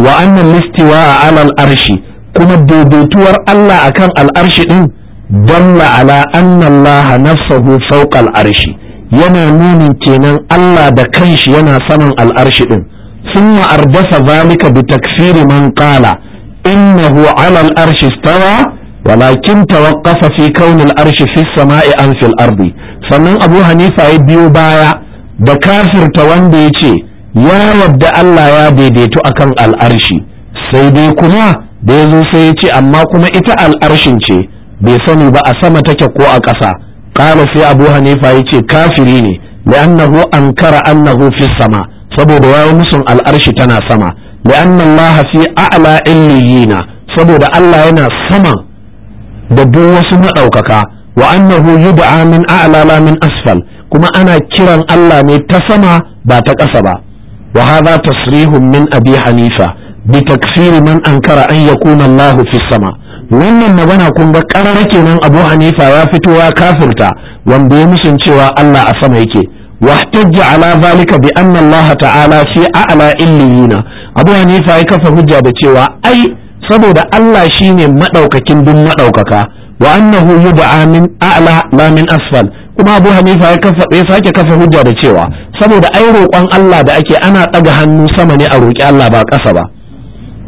wa anna listiwa a al'arshi kuma daidaituwar Allah akan al'arshi din dalla ala anna allaha nafsahu fawqa al'arshi yana nunin kenan Allah da kanshi yana saman al'arshi din thumma ardasa zalika bi takfiri man qala innahu ala al'arshi istawa walakin tawaqqafa fi kauni arshi fi samai an fil ardi sannan Abu Hanifa ya biyo baya da kafirta wanda yace ya wadda Allah ya daidaitu akan al'arshi sai dai kuma da yazo sai yace amma kuma ita al'arshin ce bai sani ba a sama take ko a ƙasa qala sai abu hanifa yace kafiri ne li'annahu ankara annahu fi sama saboda wayo musun al'arshi tana sama li'anna allaha fi a'la illiyina saboda allah yana sama da duk wasu madaukaka wa annahu yud'a min a'la la min asfal kuma ana kiran allah ne ta sama ba ta ƙasa ba wa hadha tasrihun min abi hanifa bi takfiri man ankara an yakuna allah fi sama wannan magana kun ga ƙarar kenan abu hanifa ya fito ya kafirta wanda ya musun cewa allah a sama yake wahtajja ala zalika bi anna ta'ala fi a'la illiyina abu hanifa ya kafa hujja da cewa ai saboda allah shine madaukakin duk madaukaka wa annahu yud'a min a'la la min asfal kuma abu hanifa ya kafa ya sake kafa hujja da cewa saboda ai roƙon Allah da ake ana ɗaga hannu sama ne a roƙi Allah ba ƙasa ba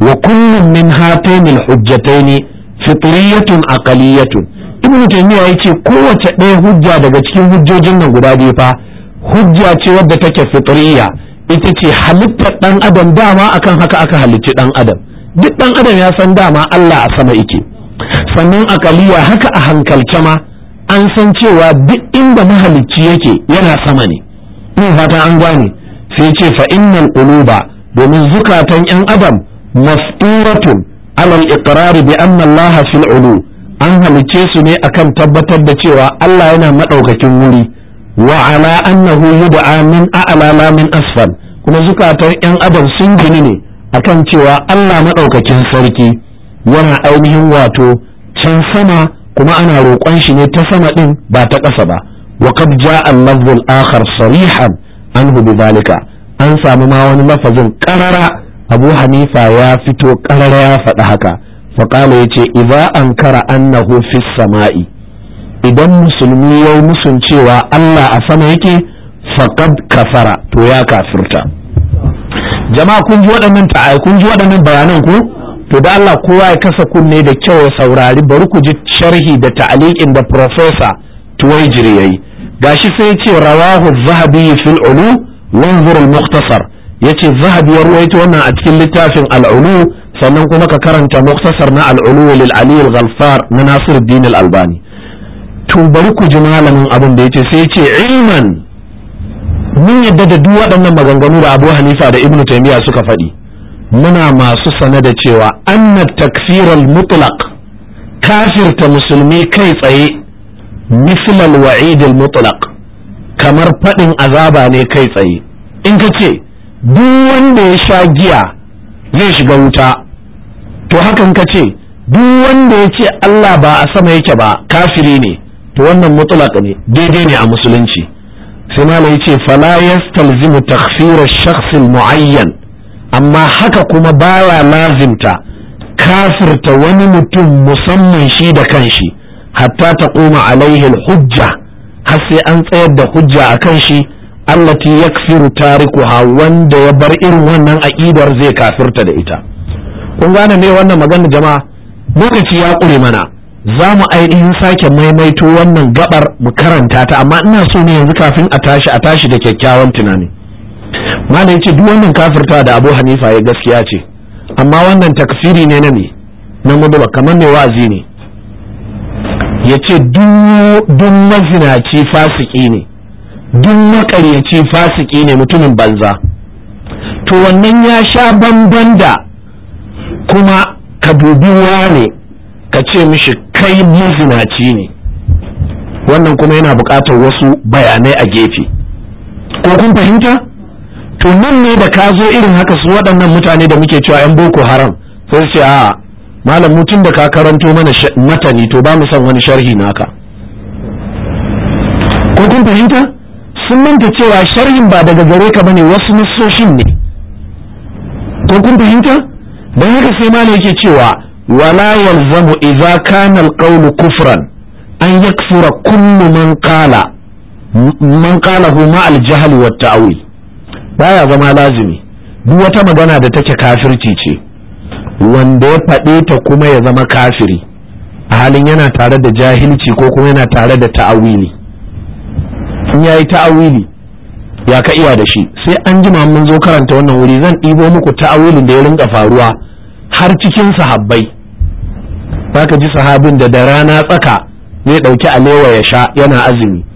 wa kullum min hujjatai hujjataini fitriyatun aqaliyatun ibnu taymiya yace kowace ɗaya hujja daga cikin hujjojin nan guda biyu fa hujja ce wadda take fitriya ita ce halittar dan adam dama akan haka aka halicci dan adam duk dan adam ya san dama Allah a sama yake sannan aqaliya haka a hankalce ma an san cewa duk inda mahalicci yake yana sama ne ni fata an gane sai ce fa innal quluba domin zukatan yan adam masturatun alal iqrari bi anna Allah fil ulu an halice su ne akan tabbatar da cewa Allah yana madaukakin wuri wa ala annahu yud'a min a'la min asfal kuma zukatan yan adam sun gini ne akan cewa Allah madaukakin sarki yana ainihin wato can sama kuma ana roƙon shi ne ta sama din ba ta ƙasa ba wa qad ja'a al-lafzul akhar sarihan anhu bidhalika an samu ma wani lafazin qarara abu hanifa ya fito ƙarara ya faɗi haka faƙala ya ce an ankara annahu fis sama'i idan musulmi ya musun cewa Allah a sama yake faqad kafara to ya kafirta jama'a kun ji waɗannan ta'ayi kun ji waɗannan bayanan ku to da Allah kowa ya kasa kunne da kyau ya saurari bari ku ji sharhi da ta'aliƙin da professor Tuwaijiri yayi gashi sai ce rawahu zahabi fil ulu wanzur al-mukhtasar yace zahabi ya ruwaito wannan a cikin littafin al'ulu sannan kuma ka karanta muktasar na al'ulu lil ali al ghalfar na nasiruddin al albani to bari ku ji malamin abin da yace sai yace ilman mun yadda da duk waɗannan maganganu da Abu Hanifa da ibnu Taymiyyah suka faɗi muna masu sane da cewa anna takfiral mutlaq kafirta musulmi kai tsaye mislal wa'idil mutlaq kamar faɗin azaba ne kai tsaye in ka ce duk wanda ya sha giya zai shiga wuta to hakan ka ce duk wanda ya ce Allah ba a sama yake ba kafiri ne to wannan mutlaq ne daidai ne a musulunci sai ce yace fala yastalzimu takhfir ash-shakhs al-mu'ayyan amma haka kuma baya lazimta kafirta wani mutum musamman shi da kanshi hatta taquma alaihi al-hujja har sai an tsayar da hujja a akan shi allati yakfiru tarikuha wanda ya bar irin wannan aqidar zai kafirta da ita kun gane ne wannan magana jama'a lokaci ya ƙure mana za mu ainihin sake maimaito wannan gabar mu karanta ta amma ina so ne yanzu kafin a tashi a tashi da kyakkyawan tunani malam yace duk wannan kafirta da Abu Hanifa ya gaskiya ce amma wannan takfiri ne na ne na mudaba kamar mai wa'azi ne yace duk duk mazinaci fasiki ne duk makaryaci fasiki ne mutumin banza to wannan ya sha bamban da kuma ka dubi wane ka ce mishi kai mazinaci ne wannan kuma yana buƙatar wasu bayanai a gefe ko kun fahimta to nan ne da ka zo irin haka su waɗannan mutane da muke cewa 'yan boko haram sai ce a malam mutum da ka karanto mana matani to ba mu san wani sharhi naka ko kun fahimta sun manta cewa sharhin ba daga gare ka bane wasu nassoshin ne ko kun fahimta don haka sai malam yake cewa wala yalzamu idza kana alqawlu kufran an yakfura kullu man qala man qala huma aljahl wa ta'wil baya zama lazimi duk wata magana da take kafirci ce wanda ya faɗe ta kuma ya zama kafiri a halin yana tare da jahilci ko kuma yana tare da ta'awili in yayi ta'awili ya ka iya da shi sai an jima mun zo karanta wannan wuri zan ɗibo muku ta'awilin da ya rinka faruwa har cikin sahabbai ka ji sahabin da da rana tsaka zai ɗauki alewa ya sha yana azumi